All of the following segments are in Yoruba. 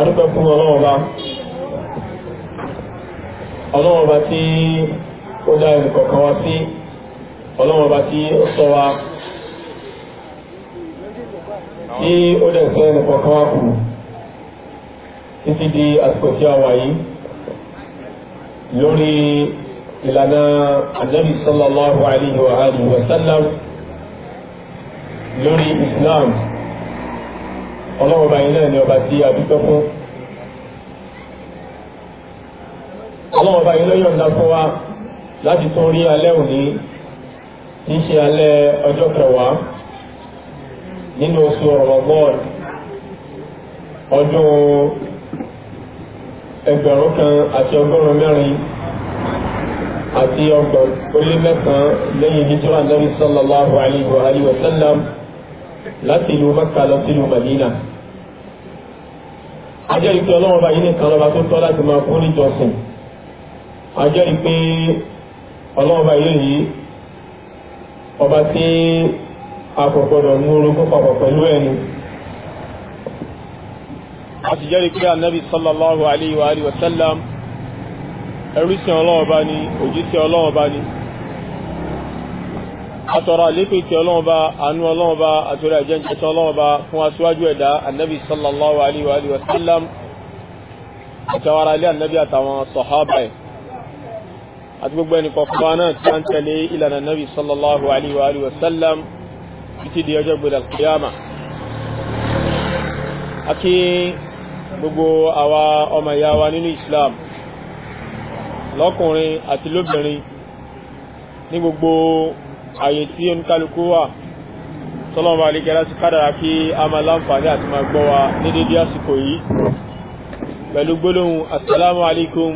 adúpẹ́ fún ọlọ́wọ́n bá ọlọ́wọ́n bá tí ó dá ẹnì kọ̀ọ̀kan wá sí ọlọ́wọ́n bá tí ó sọ wa tí ó dẹ̀ sẹ́ ẹnì kọ̀ọ̀kan wá kù títí di àsìkò tí a wà yìí lórí ìlànà anabi sallallahu alayhi wa alihi wa sallam lórí islam ọlọ́run ọba yìí náà ni ọba tí a dúpẹ́ fún ọlọ́run ọba yìí ló yọ̀ǹda fún wa láti tún rí alẹ́ òní tí í ṣe alẹ́ ọjọ́ kẹwàá nínú oṣù Ramadan ọdún ẹgbẹ̀rún kan àti ọgọ́rùn-ún mẹ́rin àti ọgbọ̀n ó lé mẹ́sàn-án lẹ́yìn hijira Nabi sallallahu alayhi wa sallam láti ìlú Mẹ́kà lọ sí ìlú Madina ajẹ́rì pé ọlọ́run bá yìí nìkan lọ́ba tó tọ́ láti máa fún níjọsìn ajẹ́rì pé ọlọ́run bá yìí yìí ọba tí àpọ̀pọ̀dọ̀ mú orogún papọ̀ pẹ̀lú ẹni. a ti jẹ́rì pé anabi sallallahu alayhi wa sallam ẹrú sí ọlọ́run bá ní òjíṣẹ́ ọlọ́run bá ní atọrọ àlékún ìtẹ́ ọlọ́run bá àánú ọlọ́run bá àtúrà ìjẹ́jẹ́ tán ọlọ́run bá fún aṣíwájú ẹ̀dá annabi sallallahu alaihi wa sallam àtàwọn alẹ́ annabi àtàwọn sọ̀hábà ẹ̀ àti gbogbo ẹni kọ̀ọ̀kan náà tí a ń tẹ̀lé ìlànà annabi sallallahu alaihi wa sallam títí di ọjọ́ gbọdọ̀ kíyàmà akí gbogbo àwa ọmọ ìyá wa Islam lọ́kùnrin àti lóbìnrin ní gbogbo ààyè tí oníkálukú wà tọ́lọ́mọ àlejò láti kádàrá kí a máa láǹfààní àti máa gbọ́ wa ní dédé àsìkò yìí pẹ̀lú gbólóhùn assalamu alaikum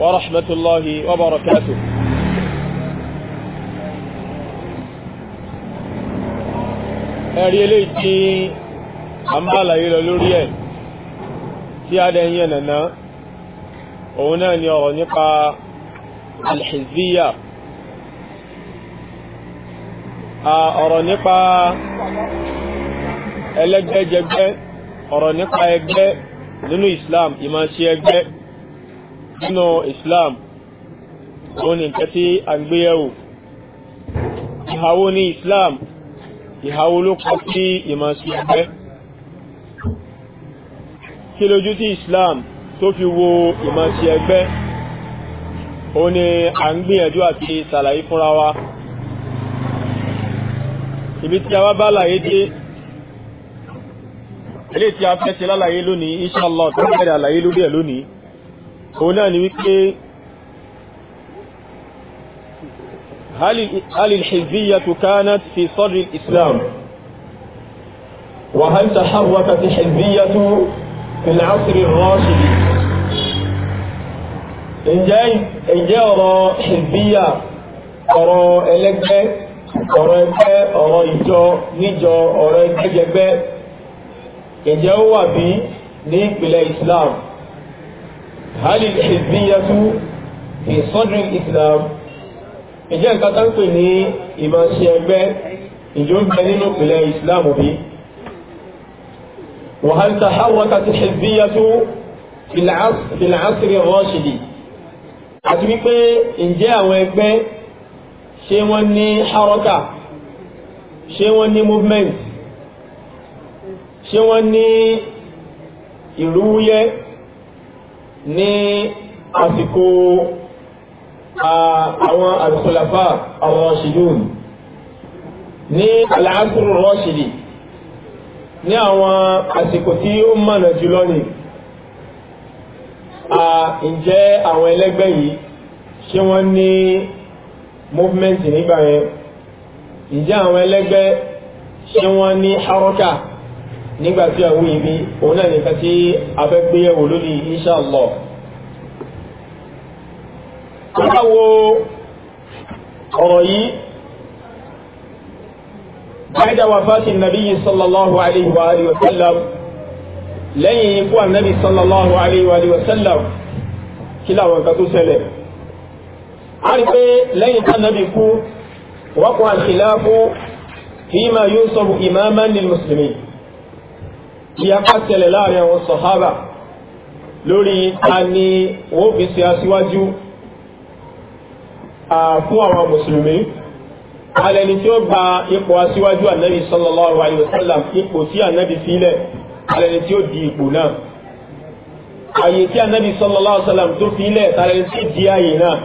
wa rahmatullahi wa barakatuh. ẹ̀rí eléyìí tí a ń bá àlàyé lọ lórí ẹ̀ tí a dẹ̀ ń yẹn nàná òun náà ni ọ̀rọ̀ nípa alhizbiyya ọ̀rọ̀ nípa ẹlẹ́gbẹ́jẹgbẹ́ ọ̀rọ̀ nípa ẹgbẹ́ nínú Islam ìmáṣe ẹgbẹ́ nínú Islam ó ní nǹkan tí a ń gbé yẹ̀wò ìhàwó ní Islam ìhàwó ló kọ́ sí ìmáṣe ẹgbẹ́ kí lójú tí Islam tó fi wo ìmáṣe ẹgbẹ́ ó ní à ń gbìyànjú àti ṣàlàyé fúnra wa ibi tí a wá bá láyé dé ilé tí a fẹ́ ṣe lálàyé lónìí inshallah tó bẹ̀rẹ̀ àlàyé lórí ẹ̀ lónìí òun náà ni wípé هل الحزبية كانت في صدر الإسلام وهل تحركت الحزبية في العصر الراشد ǹjẹ́ ọ̀rọ̀ hizbiya ọ̀rọ̀ ẹlẹ́gbẹ́ ọ̀rọ̀ ẹgbẹ́ ọ̀rọ̀ ìjọ níjọ ọ̀rọ̀ ẹgbẹ́jẹgbẹ́ ǹjẹ́ ó wà bí ní ìpìlẹ̀ Islam hali ìbíyàtú fi sọ́dún Islam ǹjẹ́ nǹkan tá ń pè ní ìmọ̀ọ́sẹ̀ ẹgbẹ́ ìjọ ń bẹ nínú ìpìlẹ̀ Islam bí وهل تحركت الحزبية في العصر الراشدي àti wípé ǹjẹ́ àwọn ẹgbẹ́ ṣé wọ́n ní haraka ṣé wọ́n ní movement ṣé wọ́n ní ìrúwúyẹ́ ní àsìkò àwọn àlùkùlàfà àwọn rashidun ní al-asr rashidi ní àwọn àsìkò tí ó mọ̀nà jùlọ ni ǹjẹ́ àwọn ẹlẹ́gbẹ́ yìí ṣé wọ́n ní movement nígbà yẹn ìjẹ́ àwọn ẹlẹ́gbẹ́ ṣé wọ́n ní haraka nígbà tí àwọn ibi òun náà nìkan tí a fẹ́ gbé yẹ̀wò lórí insha Allah aláwo ọ̀rọ̀ yìí báyìí dáwà fásitì nàbíyí sallallahu alayhi wa alihi wa sallam lẹ́yìn ikú ànábì sallallahu alayhi wa alihi wa sallam kí làwọn kan tó ṣẹlẹ̀ a rí pé lẹ́yìn tá nàbí kú wọ́n kọ́ àṣìláàfó fíìmà yóò sọ̀rọ̀ ìmáàmá ní mùsùlùmí ìyapa ṣẹlẹ̀ láàrin àwọn sọ̀hábà lórí ta ni wọ́n fi ṣe aṣíwájú fún àwọn mùsùlùmí alẹ́ni tí ó gba ipò aṣíwájú ànábì sallallahu alaihi wasallam ipò tí ànábì sílẹ̀ alẹ́ni tí ó di ipò náà àyè tí ànábì sallallahu alaihi tó fi ilẹ̀ tààrẹ tí di àyè náà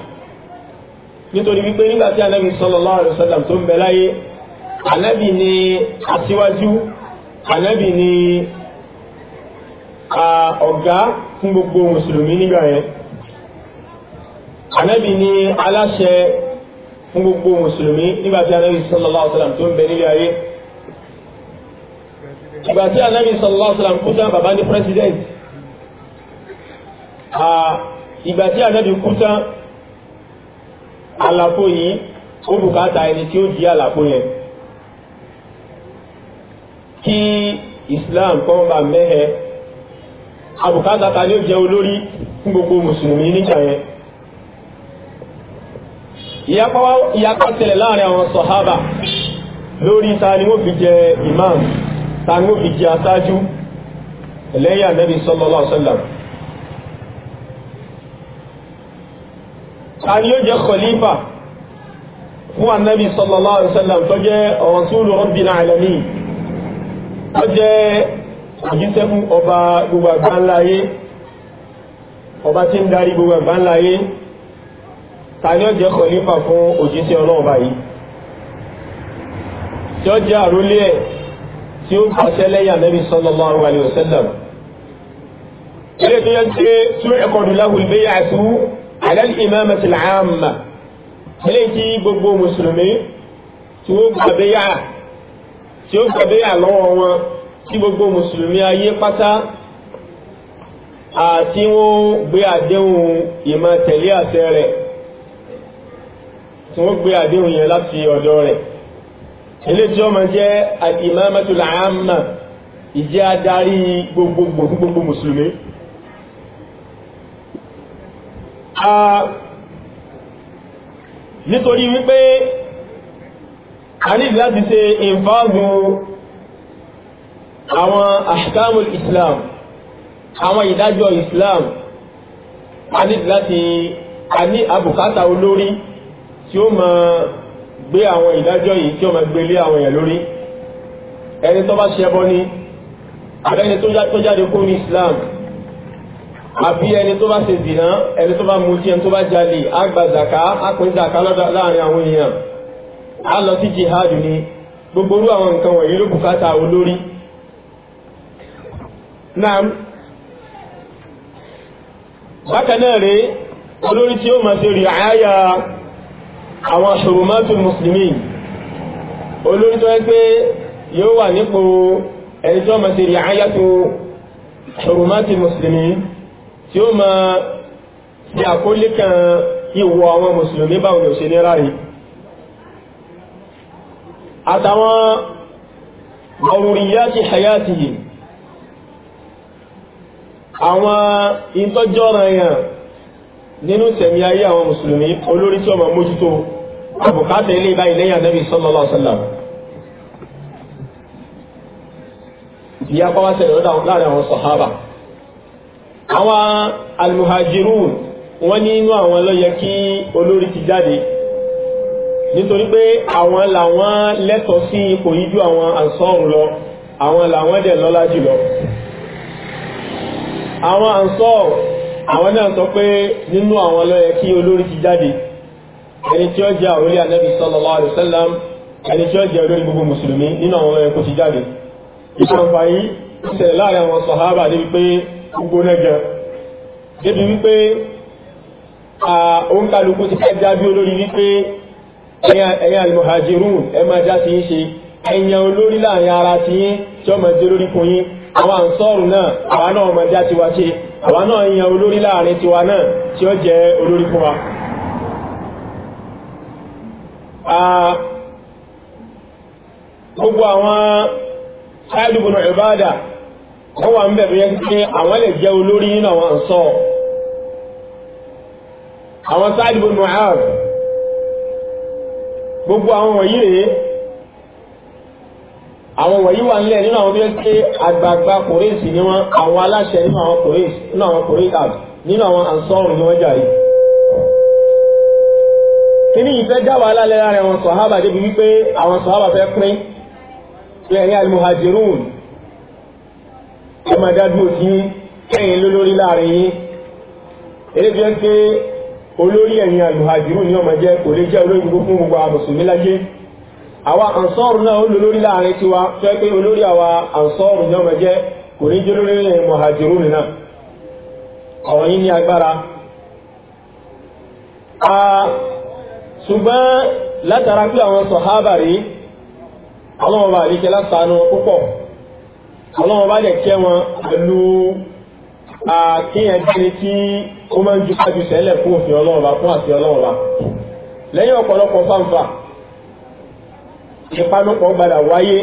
nítorí wípé nígbà tí anábì sallallahu alaihi wasallam tó ń bẹ láyé anábì ni aṣíwájú anábì ni ọ̀gá fún gbogbo mùsùlùmí nígbà yẹn anábì ni aláṣẹ fún gbogbo mùsùlùmí nígbà tí anábì sallallahu alaihi wasallam tó ń bẹ nílé ayé ìgbà tí anábì sallallahu alaihi wasallam kú tán bàbá ní president ìgbà tí anábì kú tán àlàfo yìí ó bùkátà ẹni tí ó di àlàfo yẹn kí Islam kọ́ bá mẹ́hẹ àbùkátà ta ni ó jẹ́ olórí fún gbogbo mùsùlùmí nígbà yẹn ìyapa tẹ̀lẹ̀ láàrin àwọn sọ̀hábà lórí ta ni wọ́n fi jẹ imam ta ni wọ́n fi jẹ aṣáájú ẹlẹ́yà Nabi ta ni yóò jẹ́ kọ̀lífà fún annabi sallallahu alaihi wasallam tó jẹ́ rasulu rabbil alamin tó jẹ́ àjíṣẹ́fún ọba gbogbo àgbáńláyé ọba tí ń darí gbogbo àgbáńláyé ta ni yóò jẹ́ kọ̀lífà fún òjíṣẹ́ ọlọ́ọ̀bá yìí tí ó jẹ́ àrólé ẹ̀ tí ó pàṣẹ lẹ́yìn annabi sallallahu alaihi wasallam ilé tó yẹ ti tún ẹ̀kọ́ dùn láwùl bẹ́yà ẹ̀sùn ala al-imamati al-amma eléyìí tí gbogbo mùsùlùmí tí ó gbàgbéyà tí ó gbàgbéyà lọ́wọ́ wọn tí gbogbo mùsùlùmí ayé pátá àti wọn gbé àdéhùn ìmọ̀ tẹ̀lé àṣẹ rẹ̀ tí wọ́n gbé àdéhùn yẹn láti ọ̀dọ̀ rẹ̀ ilé tí ọmọ jẹ́ al-imamatu ìjẹ́ adarí gbogbogbò fún gbogbo mùsùlùmí nítorí wípé a ní láti ṣe ìfàgbò àwọn ahkamul islam àwọn ìdájọ́ islam a ní láti a ní àbùkátà olórí tí ó máa gbé àwọn ìdájọ́ yìí tí ó máa gbé lé àwọn èèyàn lórí ẹni tó bá ṣẹbọ ni àbẹ́ni tó jáde kó ní islam àbí ẹni tó bá ṣe zìnà ẹni tó bá mutí ẹni tó bá jalè á gba zaka á pín zaka láàrin àwọn èèyàn á lọ sí jihad ni gbogbo orú àwọn nǹkan wọ̀nyí ló bùkátà olórí. náà bákan náà rèé olórí tí ó máa ṣe rí àyà àwọn ṣòròmátò mùsùlùmí olórí tó ń pé yóò wà nípò ẹni tí máa ṣe rí àyà tó ṣòròmátò mùsùlùmí tí ó máa ṣe àkólé kan ìwọ àwọn mùsùlùmí báwọn yóò ṣe ní ráre àtàwọn ọ̀rùnrìyá ti hayati yìí àwọn ìtọ́jọ́ra yàn nínú tẹ̀mí ayé àwọn mùsùlùmí olórí tí ó máa mójútó àbùkátẹ̀ ilé ìbá ilé yàn Nabi sallallahu ìyá pàwọ́ sẹ̀rẹ̀ láàrin àwọn sàhábà àwọn almuhajirun wọ́n ní inú àwọn ló yẹ kí olórí ti jáde nítorí pé àwọn làwọn lẹ́tọ̀ọ́ sí ipò yìí ju àwọn ansọ́rù lọ àwọn làwọn dẹ̀ lọ́lá jùlọ àwọn ansọ́rù àwọn náà sọ pé nínú àwọn ló kí olórí ti jáde ẹni tí ó jẹ́ àwórí ànábì sallallahu alaihi wasallam ẹni tí ó jẹ́ olórí gbogbo mùsùlùmí nínú àwọn ló yẹ kó ti jáde ìṣàǹfà yìí ṣẹlẹ̀ láàrin àwọn sàhábà débi pé gbóná gan débi wípé òǹkàlùkù ti fẹ́ dábí olórí wípé ẹ̀yà almuhajirun ẹ máa já sí ń ṣe ẹ̀yà olórí láàrin ara ti yín tí ọmọ jẹ́ lórí fún yín àwọn àǹsọ́ọ̀rù náà àwa náà ọmọ já tiwa ṣe àwa náà ẹ̀yà olórí láàrin tiwa náà tí ó jẹ́ olórí fún wa gbogbo àwọn ṣáàdùbùnú ìbáàdà wọ́n wà ń ya yẹn pé àwọn lè jẹ́ olórí nínú àwọn àǹsọ́ àwọn Sa'id gbogbo àwọn wọ̀nyí rèé àwọn wọ̀nyí wà nílẹ̀ nínú àwọn tó yẹ pé àgbààgbà kòrèsì ni wọ́n àwọn aláṣẹ nínú àwọn kòrèsì nínú àwọn kòrèsì nínú àwọn àǹsọ́ ni wọ́n jà yìí kíní yìí dá wàhálà lẹ́la fe àwọn sọ̀hábà débi wípé muhajirun ẹ máa dá dúró sí kẹ́yìn lólórí láàrin yín elébi ẹ olórí ẹ̀yìn àlùhàjìrù ni ọmọ jẹ́ kò lè jẹ́ olórí gbogbo fún gbogbo àmùsùnmí lájẹ́ àwa ànsọ́ọ̀rù náà ó láàrin tiwa pé olórí àwa ànsọ́ọ̀rù ni ọmọ jẹ́ kò ní jẹ́ olórí ẹ̀yìn ọ̀rọ̀ yín ní agbára ṣùgbọ́n látara pé ọlọ́wọ́n bá dẹ̀ kẹ́ wọn pẹ̀lú àkíyàn jẹ́ni tí ó máa ń ju kájú sẹ́lẹ̀ fún òfin ọlọ́wọ́n bá fún àti ọlọ́wọ́n bá lẹ́yìn ọ̀pọ̀lọpọ̀ fáǹfà ìpanupọ̀ gbadà wáyé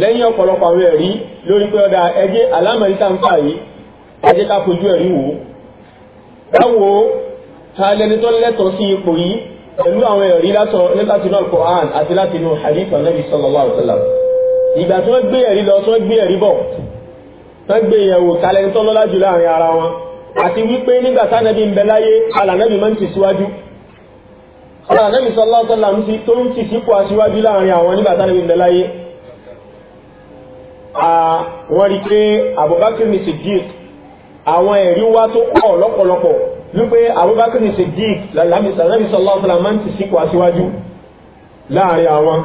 lẹ́yìn ọ̀pọ̀lọpọ̀ àwọn ẹ̀rí lórí pé ọ̀dà ẹjẹ́ alámọ̀rí táǹfà yìí ẹjẹ́ ká fojú ẹ̀rí wò báwo ta lẹni tó lẹ́tọ̀ọ́ sí ipò yìí pẹ̀lú àwọn ẹ̀rí láti inú Al-Qur'an àti láti hadith Ànábì sallallahu alaihi wasallam ìgbà tí wọ́n gbé ẹ̀rí lọ tí wọ́n gbé ẹ̀rí bọ̀ wọ́n gbé ìyẹ̀wò talẹ́ntọ́ lọ́lá jù láàrin ara wọn àti wípé nígbà tánàbí ń bẹ láyé alànàbí máa ń ti síwájú alànàbí sọlọ́tọ́lá ń ti tó ń ti sípò aṣíwájú láàrin àwọn nígbà tánàbí ń bẹ láyé wọ́n rí pé Abubakar ní Siddiq àwọn ẹ̀rí wá tó pọ̀ lọ́pọ̀lọpọ̀ wípé Abubakar ní Siddiq alànàbí sọlọ́tọ́lá máa ń ti sípò aṣíwájú láàrin àwọn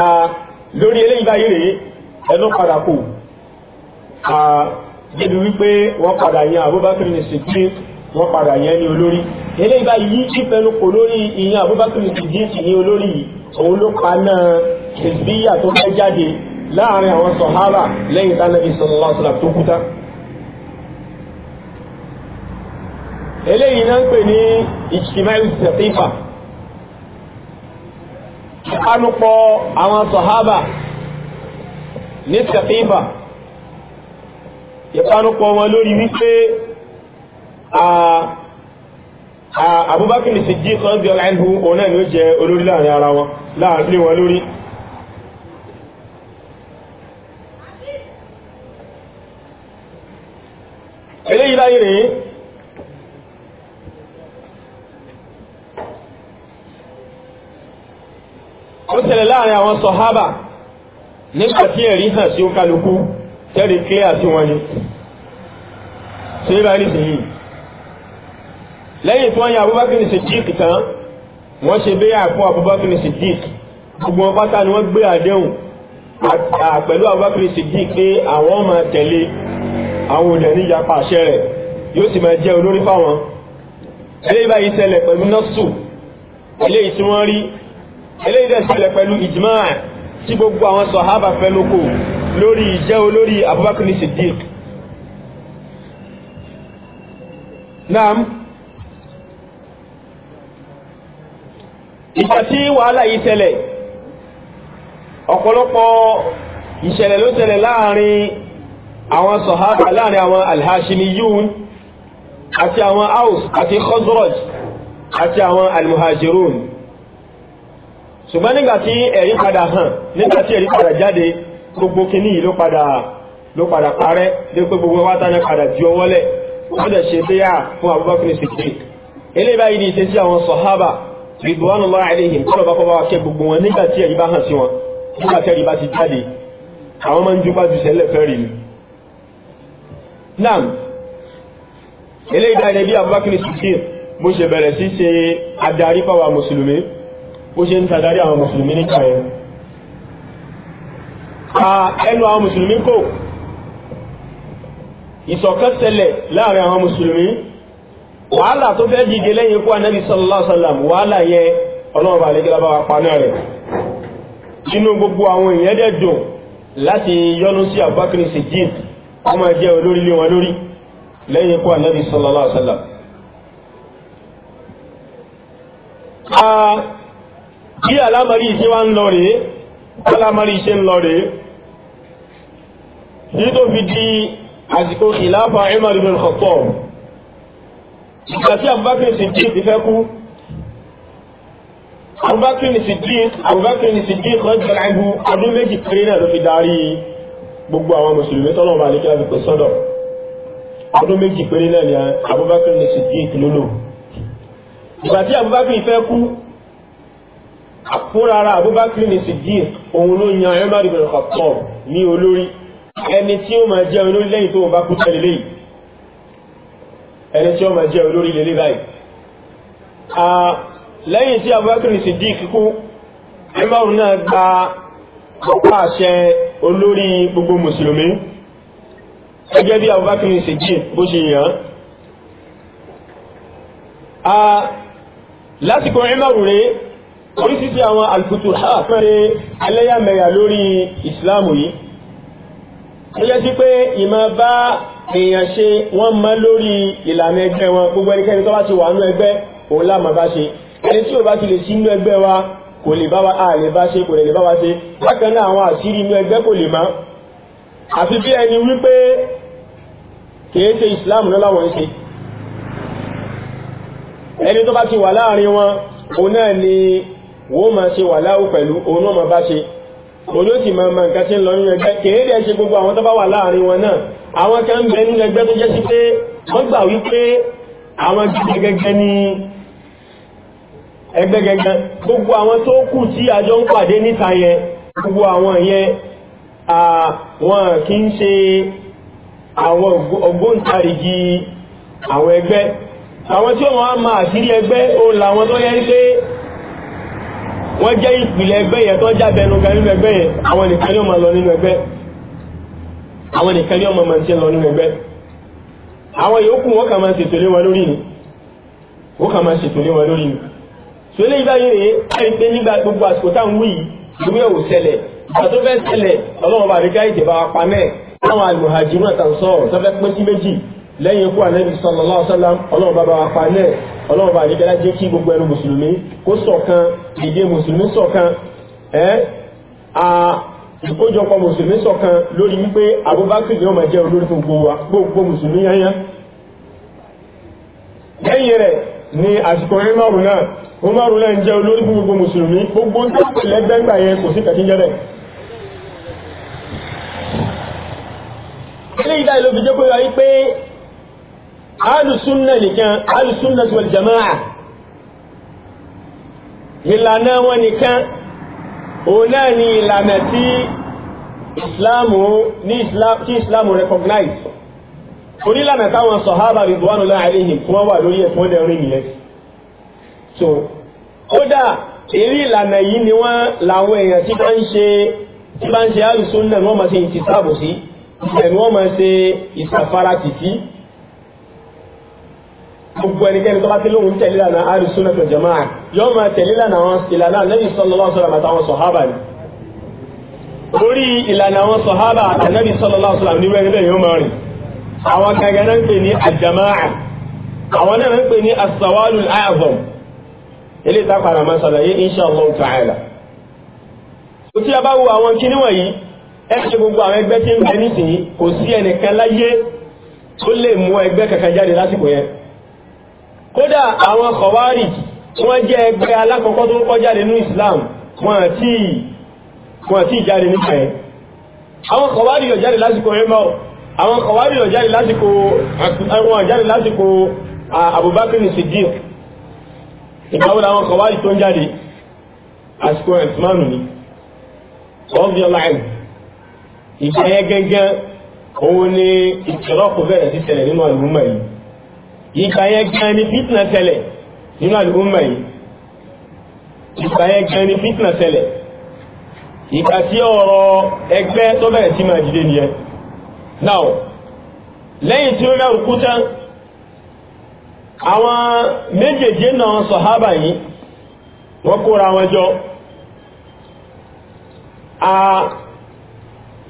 a lórí eléyìí báyìí rèé ẹnu padà kù débi wípé wọ́n padà yan Abubakar ní sèké wọ́n padà yan ní olórí eléyìí báyìí ìfẹnu kò lórí ìyan Abubakar ní sèké ní olórí yìí òun ló pa náà tẹ̀síbíyà tó fẹ́ jáde láàrin àwọn sọ̀hábà lẹ́yìn tánàbí sallallahu alaihi wasallam tó kú tán eléyìí náà ń pè ní ìjìmáì sẹ̀fífà ìpanupọ̀ àwọn sọ̀hábà ní sẹ̀fífà ìpanupọ̀ wọn lórí wípé Abubakar Siddiq kan bí ọ̀rọ̀ ẹ̀hù òun náà ni ó jẹ olórí láàrin ara wọn láàrin wọn lórí eléyìí láyé rèé ṣẹlẹ̀ láàrin àwọn sọ̀hábà nígbà tí ẹ̀rí hàn sí ó kálukú tẹ́rì clear sí wọn ni ṣe é báyìí sí yìí lẹ́yìn tí wọ́n yan Abubakar Siddiq tán wọ́n ṣe béyà fún Abubakar Siddiq gbogbo wọn pátá ni wọ́n gbé àdéhùn pẹ̀lú Abubakar Siddiq pé àwọn máa tẹ̀lé àwọn òdẹ̀ ní ìyapa àṣẹ rẹ̀ yóò sì máa jẹ́ olórí fáwọn eléyìí báyìí ṣẹlẹ̀ pẹ̀lú nọ́ọ̀sù eléyìí tí wọ́n rí eléyìí dẹ̀ ṣẹlẹ̀ pẹ̀lú ìjìmá tí gbogbo àwọn sọ̀hábà fẹ́nu kò lórí ìjẹ́ olórí Abubakar ní Siddiq naam ìgbà tí wàhálà yìí ṣẹlẹ̀ ọ̀pọ̀lọpọ̀ ìṣẹ̀lẹ̀ ló ṣẹlẹ̀ láàrin àwọn sọ̀hábà láàrin àwọn alhashimiyun àti àwọn Aus àti Khazraj àti àwọn almuhajirun ṣùgbọ́n nígbà tí ẹ̀rí padà hàn nígbà tí ẹ̀rí padà jáde gbogbo kìíní yìí ló padà ló padà parẹ́ dé pé gbogbo wa tánà padà ju ọwọ́ lẹ̀ wọ́n dẹ̀ ṣe déyà fún Abubakar Siddiq eléyìí báyìí ní ìṣesí àwọn sọ̀hábà ridwanullahi alaihim kọ́lọ̀ bá kọ́bá wa kẹ́ gbogbo wọn nígbà tí ẹ̀rí bá hàn sí wọn nígbà tí ẹ̀rí bá ti jáde àwọn máa ń ju bájú sẹ́lẹ̀ fẹ́ rí ni. nam eléyìí bó ṣe ń tàdárí àwọn mùsùlùmí nípa ẹ̀ ẹnu àwọn mùsùlùmí kò ìṣọ̀kan ṣẹlẹ̀ láàrin àwọn musulmi, wàhálà tó fẹ́ dìde lẹ́yìn ikú anábì sallallahu alaihi wasallam wàhálà yẹn ọlọ́run bá lè gẹ́lá bá wa paná rẹ̀ gbogbo àwọn èèyàn dẹ̀ dùn láti yọnu sí Abubakar Siddiq ọmọ ẹgbẹ́ olórí lé wọn lórí lẹ́yìn anábì bí alámọ̀rí iṣẹ́ wá ń lọ rèé alámọ̀rí iṣẹ́ ń lọ rèé yìí tó fi di àsìkò ìlàfà Umar ibn Khattab ìgbà tí Abubakar Siddiq ti fẹ́ kú Abubakar Siddiq Abubakar Siddiq ọjọ́ àìbù ọdún méjì péré náà ló fi darí gbogbo àwọn mùsùlùmí tọ́lọ̀ bá nígbà fi pè sọ́dọ̀ ọdún méjì péré náà ni Abubakar Siddiq lólò ìgbà tí Abubakar fẹ́ kú fúnra ara Abubakar ní Siddiq òun ló yan Umar ibn Khattab ní olórí ẹni tí ó máa jẹ́ olórí lẹ́yìn tó wọn bá kú tẹ́lẹ̀ lẹ́yìn ẹni tí ó máa jẹ́ olórí lẹ́lẹ́ báyìí lẹ́yìn tí Abubakar ní Siddiq kú Umar náà gba ọ̀pá àṣẹ olórí gbogbo mùsùlùmí gẹ́gẹ́ bí Abubakar ní Siddiq bó ṣe yàn lásìkò Umar rèé oríṣiríṣi àwọn alfutuha fẹ́rẹ̀ alẹ́yàmẹ̀yà lórí ìsìláàmù yìí ó yẹ sí pé ìmọ̀ bá èèyàn ṣe wọ́n mọ́ lórí ìlànà ẹgbẹ́ wọn gbogbo ẹnikẹ́ni tó bá ti wà nú ẹgbẹ́ òun láàmà bá ṣe ẹni tí ò bá ti lè sí nú ẹgbẹ́ wa kò lè bá wa a lè bá ṣe kò lè bá wa ṣe bákan náà àwọn àṣírí inú ẹgbẹ́ kò lè má àfi bí ẹni wípé kìí ṣe ìsìláàmù náà láwọn ṣe ẹni tó bá ti wà láàrin wọn òun náà ni wọ́n máa ṣe wà láwù pẹ̀lú òun náà máa bá ṣe olóòtì máa ma nǹkan tí ń lọ nínú ẹgbẹ́ kéèdè ṣe gbogbo àwọn tó bá wà láàrin wọn náà àwọn kan ń bẹ nínú ẹgbẹ́ tó jẹ́ sí pé wọ́n gbà wípé àwọn gẹ́gẹ́gẹ́ ní ẹgbẹ́ gẹ́gẹ́ gbogbo àwọn tó kù tí àjọ ń pàdé níta yẹn gbogbo àwọn yẹn àwọn kì í ṣe àwọn ògbóǹtarìgì àwọn ẹgbẹ́ àwọn tí wọ́n máa àṣírí ẹgbẹ́ òun làwọn tó yẹ pé wọ́n jẹ́ ìpìlẹ̀ ẹgbẹ́ yẹn tó jábẹ́ ẹnu kan nínú ẹgbẹ́ yẹn àwọn nìkan ni ó máa lọ nínú ẹgbẹ́ àwọn nìkan ni ó máa máa ń ṣe lọ nínú ẹgbẹ́ àwọn yòókù wọ́n kà máa ṣètò lé wọn lórí ni wọ́n kà máa ṣètò lé wọn lórí ni tó lè bá yìí rèé láì pé nígbà gbogbo àsìkò táwọn wí ìgbéyà ò ṣẹlẹ̀ ìgbà tó fẹ́ ṣẹlẹ̀ ọlọ́run bá rí mẹ́ẹ̀ láwọn àlùhàjì náà tàn sọ̀rọ̀ sí méjì lẹ́yìn ikú ọlọ́run bá bá wa pa ọlọ́run bá àdékẹ́lá jẹ́ kí gbogbo ẹnu mùsùlùmí kó ṣọ̀kan dìde mùsùlùmí ṣọ̀kan ẹ́ a ìkójọpọ̀ mùsùlùmí ṣọ̀kan lórí wípé Abubakar ni máa jẹ́ olórí fún gbogbo mùsùlùmí lẹ́yìn rẹ̀ ni àsìkò Umaru náà Umaru náà jẹ́ olórí fún gbogbo mùsùlùmí gbogbo alùsúnnà nìkan alùsúnnà wal jama'a ìlànà wọn nìkan òun náà ni ìlànà tí ìsìláàmù ní ìsìláàmù recognize onílànà táwọn sọ̀hábà ridwanullahi alaihim tí wọ́n wà lórí ẹ̀fún ọdẹ orí nìyẹn so kódà èrí ìlànà yìí ni wọ́n làwọn èèyàn tí wọ́n ń ṣe tí wọ́n ń ṣe alùsúnnà ni wọ́n máa ṣe ìtìsáàbù sí ìṣẹ̀ ni wọ́n máa ṣe ìsàfara tìtì gbogbo ẹnikẹ́ni tó bá tẹ́lẹ̀ òun tẹ̀lé lànà àrísúnà tó jama'a yọ́ máa tẹ̀lé lànà àwọn ìlànà Ànábì sallallahu alaihi wasallam àtàwọn sọ̀hábà ni orí ìlànà àwọn sọ̀hábà Ànábì sallallahu alaihi wasallam ní bẹ́ẹ̀ yóò máa rìn àwọn kankan náà ń pè ní àjàmáà àwọn náà ń pè ní asawadul a'zam ilé ìtàkàrà máa ṣàlàyé insha ṣe gbogbo tó lè mú ẹgbẹ́ kankan jáde lásìkò yẹn kódà àwọn kọ̀wárì wọ́n jẹ́ ẹgbẹ́ alákọ̀ọ́kọ́ tó ń kọ́ jáde ní Islam wọ́n tí jáde nípa ẹ̀ àwọn kọ̀wárì yọ jáde lásìkò ẹmọ́ àwọn kọ̀wárì yọ jáde lásìkò àwọn jáde lásìkò Abubakar Siddiq ìgbàwọ́n àwọn kọ̀wárì tó ń jáde àsìkò ẹ̀sìmánù ni ọ̀gbìn ọláìn ìgbà yẹn gẹ́gẹ́ òun ni ìtọ́lọ́kù bẹ̀rẹ̀ sí ìgbà yẹn gan ni fitna ṣẹlẹ̀ nínú àlùmọ́ yìí ìgbà yẹn gan ni fitna ṣẹlẹ̀ ìgbà tí ọ̀rọ̀ ẹgbẹ́ tó bẹ̀rẹ̀ sí máa dìde nìyẹn now lẹ́yìn tí ó rẹ̀ òkú tán àwọn méjèèjì náà sọ̀hábà yìí wọ́n kóra wọn jọ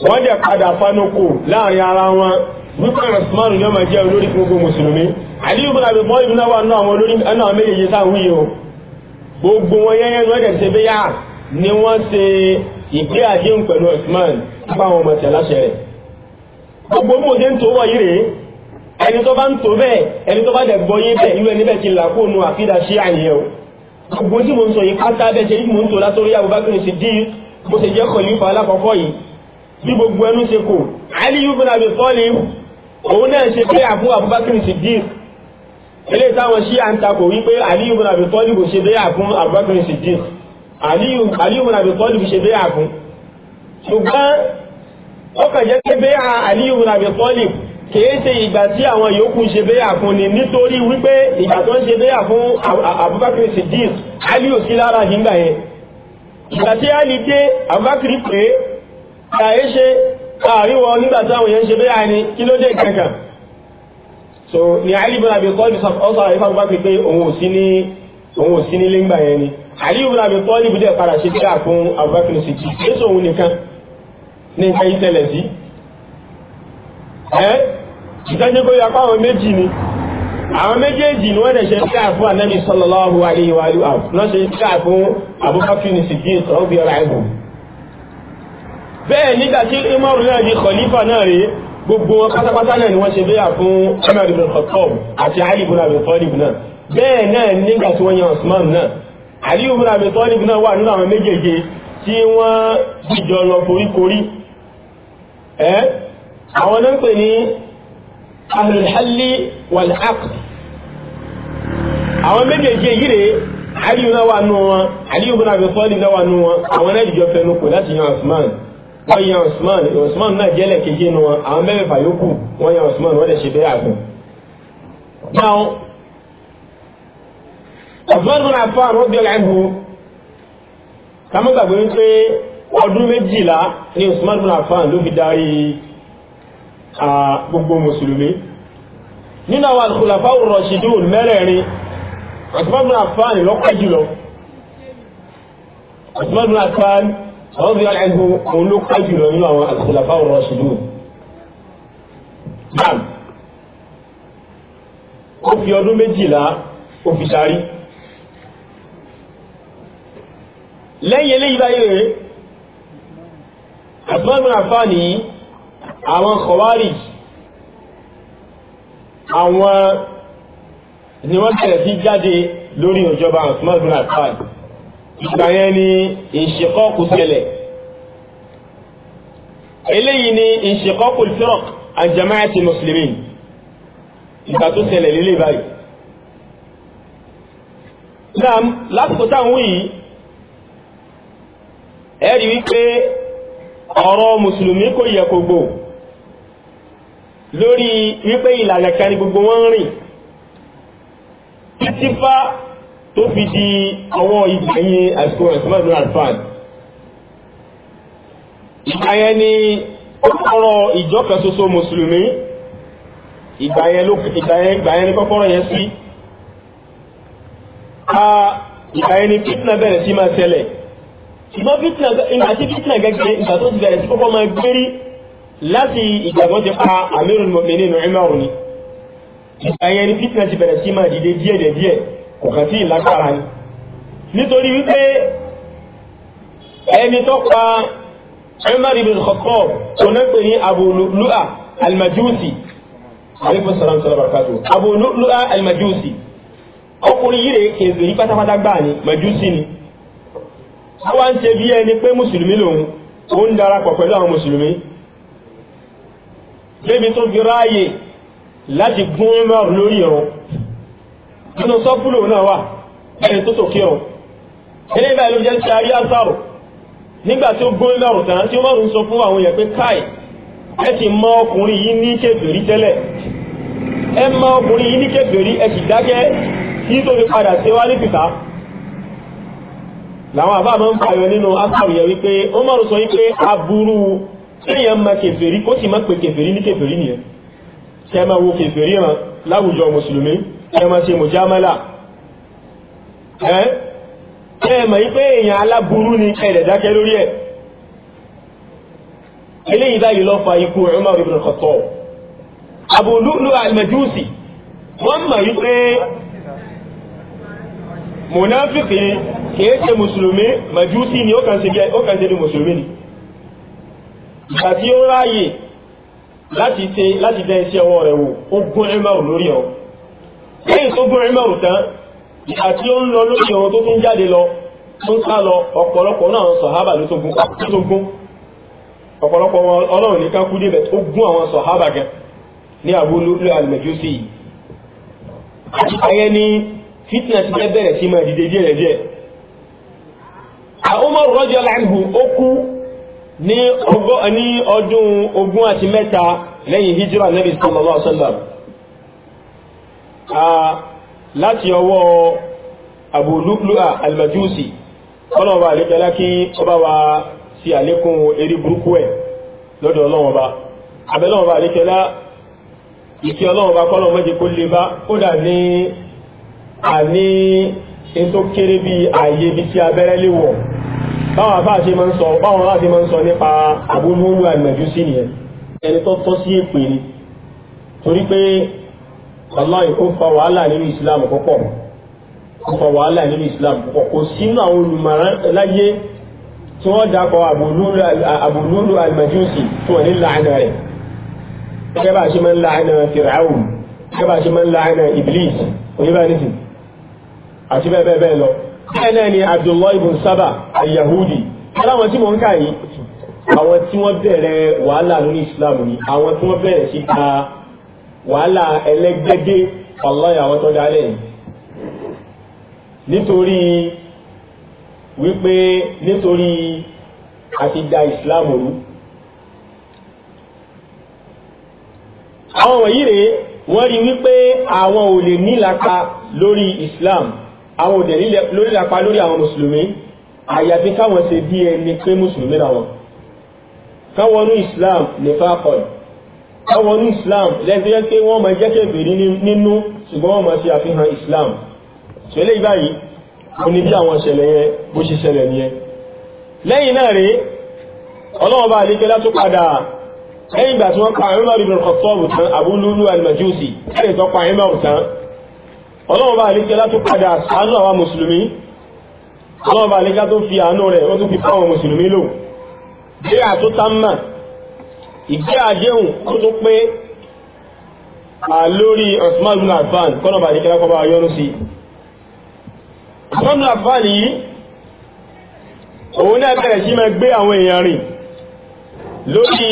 wọ́n jẹ́ padà fanukù láàrin ara wọn wípé rasmanu yóò máa jẹ́ olórí gbogbo mùsùlùmí àdíyù bọ́nà àbí mọ́lì náà wà náà àwọn olórí náà méjèèjì sáwọn yìí o gbogbo wọn yẹ́yẹ́ ní ọ̀dẹ̀ tẹ́bí yá ni wọ́n ṣe ìpé àdéhùn pẹ̀lú Usman nípa àwọn ọmọ tẹ̀láṣẹ rẹ̀ gbogbo mú òde ń tó wọ̀ yìí rèé ẹni tó bá ń tó bẹ́ẹ̀ ẹni tó bá dẹ̀ gbọ́ yé bẹ́ẹ̀ irú ẹni bẹ́ẹ̀ ti là kó nu àfídà sí àyẹ̀ o gbogbo tí mo ń sọ yìí pátá bẹ́ẹ̀ ṣe ilé táwọn ṣí à ń takò wípé aliyu bin abi tọ́lì kò ṣe bẹ́yà fún abubakar siddiq aliyu bin abi tọ́lì kò ṣe bẹ́yà fún ṣùgbọ́n ó kàn jẹ́ pé bẹ́yà aliyu bin abi tọ́lì kìí ṣe ìgbà tí àwọn yòókù ṣe bẹ́yà fún ni nítorí wípé ìgbà tó ń ṣe bẹ́yà fún abubakar siddiq aliyu sí lára nígbà yẹn ìgbà tí ali dé abubakar pé kàí ṣe àríwọ nígbà táwọn yẹn ṣe bẹ́yà ni kí kankan so ni Ali ibn Abi Talib ọ̀sán àyíká bá fi pé òun ò sí òun ò sí ní yẹn ni Ali ibn Abi Talib dẹ̀ padà ṣe tíra fún Abubakar Siddiq jésù òun nìkan ní nǹkan yìí tẹ̀lẹ̀ sí ẹ́ ìtọ́jú kó àwọn méjì ni àwọn méjèèjì ni wọ́n dẹ̀ṣẹ̀ tíra fún Ànábì sallallahu alayhi wa alihi lọ́ ṣe tíra fún Abubakar Siddiq radiyallahu anhu bẹ́ẹ̀ nígbà tí Umaru náà di khalifa náà rèé gbogbo wọn pátápátá náà ni wọ́n ṣe bẹ́yà fún Umar ibn Khattab àti Ali ibn Abi Talib náà bẹ́ẹ̀ náà nígbà tí wọ́n yan Usman náà Ali ibn Abi Talib náà wà nínú àwọn méjèèje tí wọ́n jíjọ lọ foríkorí ẹ́ àwọn náà ń pè ní ahlul halli àwọn méjèèjì yìí rèé aliyu ibn Abi Talib náà wà nù wọn àwọn náà jíjọ fẹnu kò láti yan Usman wọ́n yan Usman Usman náà jẹ́lẹ̀ kejì nu wọn àwọn mẹ́fẹ̀ẹ̀fà yòókù wọ́n yan Usman wọ́n dẹ̀ ṣe bẹ́ẹ̀ àgbọ̀n. now Usman bin Affan radiyallahu anhu kámú gbàgbé wípé ọdún méjìlá ni Usman bin Affan ló fi darí gbogbo mùsùlùmí nínú àwọn al-khulafa ar-rashidun mẹ́rẹ̀ẹ̀rin Usman bin Affan ló jùlọ Usman bin Affan àwọn bí wàá gbó òun ló pẹ́ jùlọ nínú àwọn àkùlàfà ọ̀rọ̀ ṣùgbọ́n bam ó fi ọdún méjìlá ó fi darí lẹ́yìn eléyìí báyìí rèé àtúmọ̀mọ́ àfáàní àwọn kọ̀wárì àwọn ni wọ́n bẹ̀rẹ̀ sí jáde lórí ìjọba àtúmọ̀mọ́ àfáàní ìgbà yẹn ni ìṣekọ́kù ṣẹlẹ̀ eléyìí ni ìṣekọ́kù firaq an jama'ati muslimin ìgbà tó ṣẹlẹ̀ lélẹ̀ báyìí náà lásìkò táwọn yìí ẹ̀rí wípé ọ̀rọ̀ mùsùlùmí kò yẹ kó gbò lórí wípé ìlànà kan ni gbogbo wọn ń rìn títí fá tó fi di ọwọ́ ìgbẹ̀yìn àsìkò Usman bin Affan ìgbà yẹn ni kọ́kọ́rọ́ ìjọ kan ṣoṣo mùsùlùmí ìgbà yẹn ló ìgbà yẹn ìgbà yẹn ni kọ́kọ́rọ́ yẹn sí ìgbà yẹn ni fitna bẹ̀rẹ̀ sí máa ṣẹlẹ̀ ṣùgbọ́n fitna ìgbà tí fitna gẹ́gẹ́ ìgbà tó ti bẹ̀rẹ̀ sí kọ́kọ́ máa gbérí láti ìgbà tó ti pa Amirul Mu'minin Umar ni ìgbà yẹn ni fitna ti bẹ̀rẹ̀ sí máa dìde díẹ̀ díẹ̀ díẹ̀ kọ̀kan tí ìlágbára ni nítorí wípé ẹni tó pa Umar ibn Khattab onápè ní Abu Lu'lu'a al-Majusi aleykum salaam salaam barakatu Abu Lu'lu'a al-Majusi ọkùnrin yìí rè kèzè yí pátápátá gbà ní Majusi ni wọ́n ń ṣe bí ẹni pé mùsùlùmí lòun ó ń darapọ̀ pẹ̀lú àwọn mùsùlùmí débi tó fi ráàyè láti gún Umar lórí ọ̀hún nínú sọ́fúlò náà wà ẹni tó sòkè ọ̀rọ̀ ilé ìgbà ìlú jẹ́ ti arí àsàrò nígbà tí ó gbóyìn lọ́rùn tán tí ó márùn sọ fún àwọn èèyàn pé káì ẹ ti mọ ọkùnrin yìí ní kèfèrí tẹ́lẹ̀ ẹ mọ ọkùnrin yìí ní kèfèrí ẹ sì dákẹ́ tí tó fi padà sí wá ní pìtà làwọn àbá máa ń fàyọ nínú àsàrò yẹ wípé ó márùn sọ wípé aburú kéèyàn mọ kèfèrí kó sì má pe kèfèrí ní kèfèrí nìyẹn kẹ ẹ máa ṣe mùjámálà ẹ́ ẹ mọ̀ yí pé èèyàn aláburú ni ẹ̀rẹ̀ dákẹ́ lórí ẹ̀ eléyìí báyìí lọ fa ikú Umar ibn Khattab Abu Lu'lu' al-Majusi wọ́n mọ̀ yí pé mùnáfíkì kìí ṣe mùsùlùmí Majusi ni ó kàn ṣe ní mùsùlùmí ni ìgbà tí ó ráyè láti tẹ iṣẹ́ ọwọ́ rẹ̀ wò ó gún Umar lórí ọ̀ lẹ́yìn tó gún ẹ̀mẹ́ òtán àti ó ń lọ lórí ọ̀rọ̀ tó tún jáde lọ tó ń ká lọ ọ̀pọ̀lọpọ̀ náà sọ̀hábà ló tó gún ọ̀pọ̀lọpọ̀ ọlọ́run ní ká kú débẹ̀ ó gún àwọn sọ̀hábà gan ní àbú olóòlù alìmẹ̀jọ́sí yìí ayẹ ni fitna ti bẹ̀rẹ̀ sí máa dìde díẹ̀ díẹ̀ Umar radiyallahu anhu ó kú ní ọdún ogún àti mẹ́ta lẹ́yìn hijira nabi sallallahu alaihi láti ọwọ́ Abu Lu'lu'a ọlọ́wọ́ àlékẹ́lá kí ọba wa sí àlékún erí burúkú ẹ̀ lọ́dọ̀ ọlọ́wọ́ bá abẹ́lọ́wọ́ bá àlékẹ́lá ìkí ọlọ́wọ́ bá kọ́lọ̀ mẹ́jẹ kó lè bá ó dà ní àní ètò kéré bí ààyè ibi tí abẹ́rẹ́ lè wọ̀ báwọn afá àti máa ń sọ báwọn láti Abu Lu'lu'a al-Majusi nìyẹn ẹni tó tọ́ wàláyé ó fa wàhálà nínú ìsìlámù púpọ̀ ó fa wàhálà nínú ìsìlámù púpọ̀ kò sínú àwọn olùmọ̀ràn láyé tí wọ́n dákọ̀ àbùlúlù àlùmọ̀júsì tí wọ́n ní láàánà rẹ̀ gẹ́gẹ́ bá ṣe máa ń láàánà fìràwù gẹ́gẹ́ bá ṣe máa ń láàánà iblis oníbànísì àti bẹ́ẹ̀ bẹ́ẹ̀ lọ bẹ́ẹ̀ náà ni abdullahi ibn saba al-yahudi aláwọn tí wọ́n ń kà yìí àwọn tí wọ́n bẹ̀rẹ̀ wàhálà lórí islam ni àwọn tí wọ́n bẹ̀rẹ̀ sí ta wàhálà ẹlẹ́gbẹ́gẹ́ ọlọ́yà àwọn tó dálẹ̀ nítorí wípé nítorí àti da islam rú àwọn wọ̀nyí rèé wọ́n rí wípé àwọn ò lè nílapa lórí islam àwọn ò lè nílapa lórí àwọn mùsùlùmí àyàfi káwọn ṣe bí ẹni pé mùsùlùmí làwọn káwọn ní islam nípa kọ̀ọ̀dù ẹwọ́n ní islam lẹ́gbẹ́ pé wọ́n ma jẹ́ kèfèrí nínú ṣùgbọ́n wọ́n ma ṣe àfihàn islam ṣẹlẹ̀ ìbáyìí o ní bí àwọn ṣẹlẹ̀ yẹn bó ṣe ṣẹlẹ̀ ní ẹ lẹ́yìn náà rẹ̀ ọlọ́ọ̀bá àlékẹ́lá tó padà lẹ́yìn ìgbà tí wọ́n pa Umar ibn Khattab tán Abu Lulu al-Majusi ẹ̀rẹ̀ tó pa Umar tán ọlọ́ọ̀bá àlékẹ́lá tó padà ṣàánú àwọn mùsùlùmí ọlọ́ọ̀bá àlékẹ́lá tó fi àánú rẹ̀ ó tún fi fáwọn mùsùlùmí lò bí àtúntà mọ́ ìgbé àdéhùn tó tún pé lórí Osman bin Affan kọ́nà bàdé kẹ́lá kọ́bá yọ́nú sí Osman bin Affan yìí òun náà bẹ̀rẹ̀ sí máa gbé àwọn èèyàn rìn lórí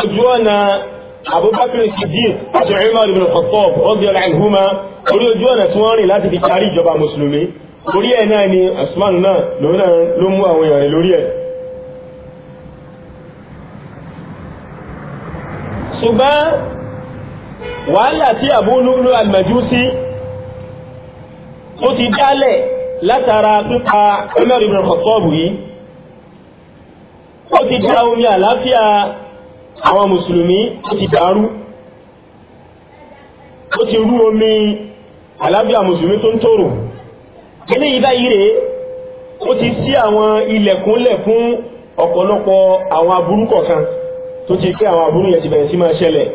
ojú ọ̀nà Abubakar Siddiq àti Umar bin Khattab radiyallahu anhuma orí ojú ọ̀nà tí wọ́n ṣùgbọ́n wàhálà tí Abu Lu'lu al-Majusi ó ti dálẹ̀ látara pípa Umar ibn Khattab yìí ó ti dá omi àlàáfíà àwọn mùsùlùmí ó ti dàrú ó ti rú omi àlàáfíà mùsùlùmí tó ń tòrò kíní yìí báyìí rèé ó ti ṣí àwọn ilẹ̀kúnlẹ̀ ọ̀pọ̀lọpọ̀ àwọn aburú kọ̀ọ̀kan tó ti pé àwọn àbúrú yẹn ti bẹ̀rẹ̀ sí máa ṣẹlẹ̀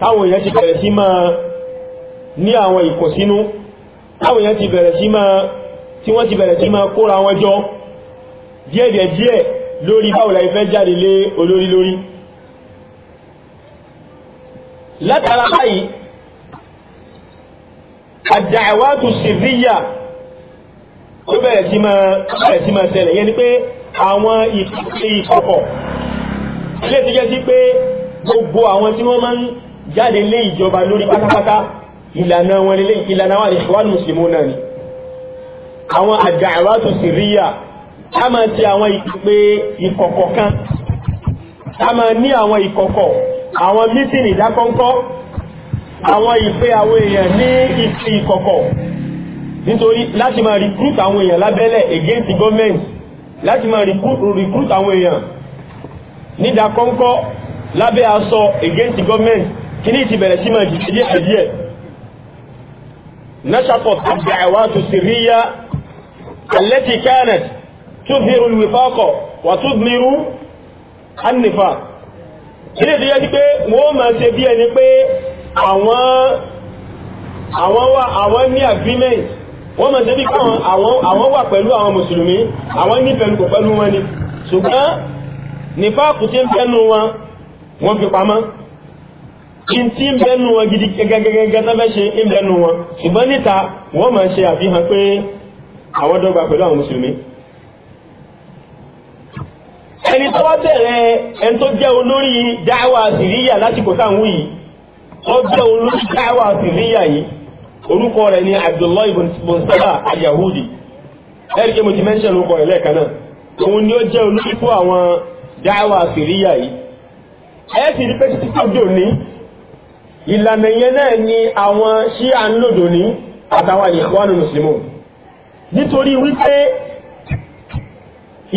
táwọn èèyàn ti bẹ̀rẹ̀ sí máa ní àwọn ìkùnsínú táwọn èèyàn ti bẹ̀rẹ̀ sí máa tí wọ́n ti bẹ̀rẹ̀ sí máa kóra wọn jọ díẹ̀díẹ̀ díẹ̀ lórí báwo la ìfẹ́ jáde lé olórí lórí látara báyìí àdáwàtú sirriya ó bẹ̀rẹ̀ sí máa ṣẹlẹ̀ yẹn ni pé àwọn ìkọ̀kọ̀ ilé ti jẹ́ sí pé gbogbo àwọn tí wọ́n máa ń jáde lé ìjọba lórí pátápátá ìlànà wọn lélẹ́ ìlànà wọn Ikhwan Muslimun náà ni àwọn ad-da'awatu sirriya a máa ti àwọn ìpè ìkọ̀kọ̀ kan a máa ní àwọn ìkọ̀kọ̀ àwọn mítìnì ìdákọ́ńkọ́ àwọn ìpè àwọn èèyàn ní ìpè ìkọ̀kọ̀ nítorí láti máa recruit àwọn èèyàn lábẹ́lẹ̀ against the government láti máa recruit àwọn èèyàn nídà kọ́ńkọ́ lábẹ́ aṣọ against government kí ní ti bẹ̀rẹ̀ sí máa jì díẹ̀ díẹ̀ nashatot ad-da'awatu sirriya allati kanat tudhiru al-wifaqa wa tudmiru an-nifaq ilé ìdíyẹ́ sí pé wọ́n máa ṣe bí ẹni pé àwọn àwọn wà àwọn ní agreement wọ́n máa ṣe bí pé àwọn wà pẹ̀lú àwọn mùsùlùmí àwọn ní pẹ̀lú kò wọn ni ṣùgbọ́n nífàkù tí ń bẹnu wọn wọ́n fi pamọ́ in tí ń bẹnu wọn gidi gẹ́gẹ́gẹ́gẹ́ tẹ́fẹ́ ṣe ń bẹnu wọn ṣùgbọ́n níta wọ́n máa ṣe àfihàn pé àwọn dọ́gba pẹ̀lú àwọn mùsùlùmí ẹni tó wá bẹ̀rẹ̀ ẹni tó jẹ́ olórí dáwà síríyà lásìkò táwọn yìí ó jẹ́ olórí dáwà síríyà yìí orúkọ rẹ̀ ni Abdullahi ibn Saba al-Yahudi ẹ̀rí kí mo ti mẹ́ńṣẹ̀ lórúkọ rẹ̀ lẹ́ẹ̀kan náà òun ni ó jẹ́ olórí fún àwọn dáwà àfìríyà yìí ẹ sì rí pé títí tó dò ní ìlànà yẹn náà ni àwọn ṣí à ń lòdò ní àtàwọn ìwánu mùsùlùmù nítorí wípé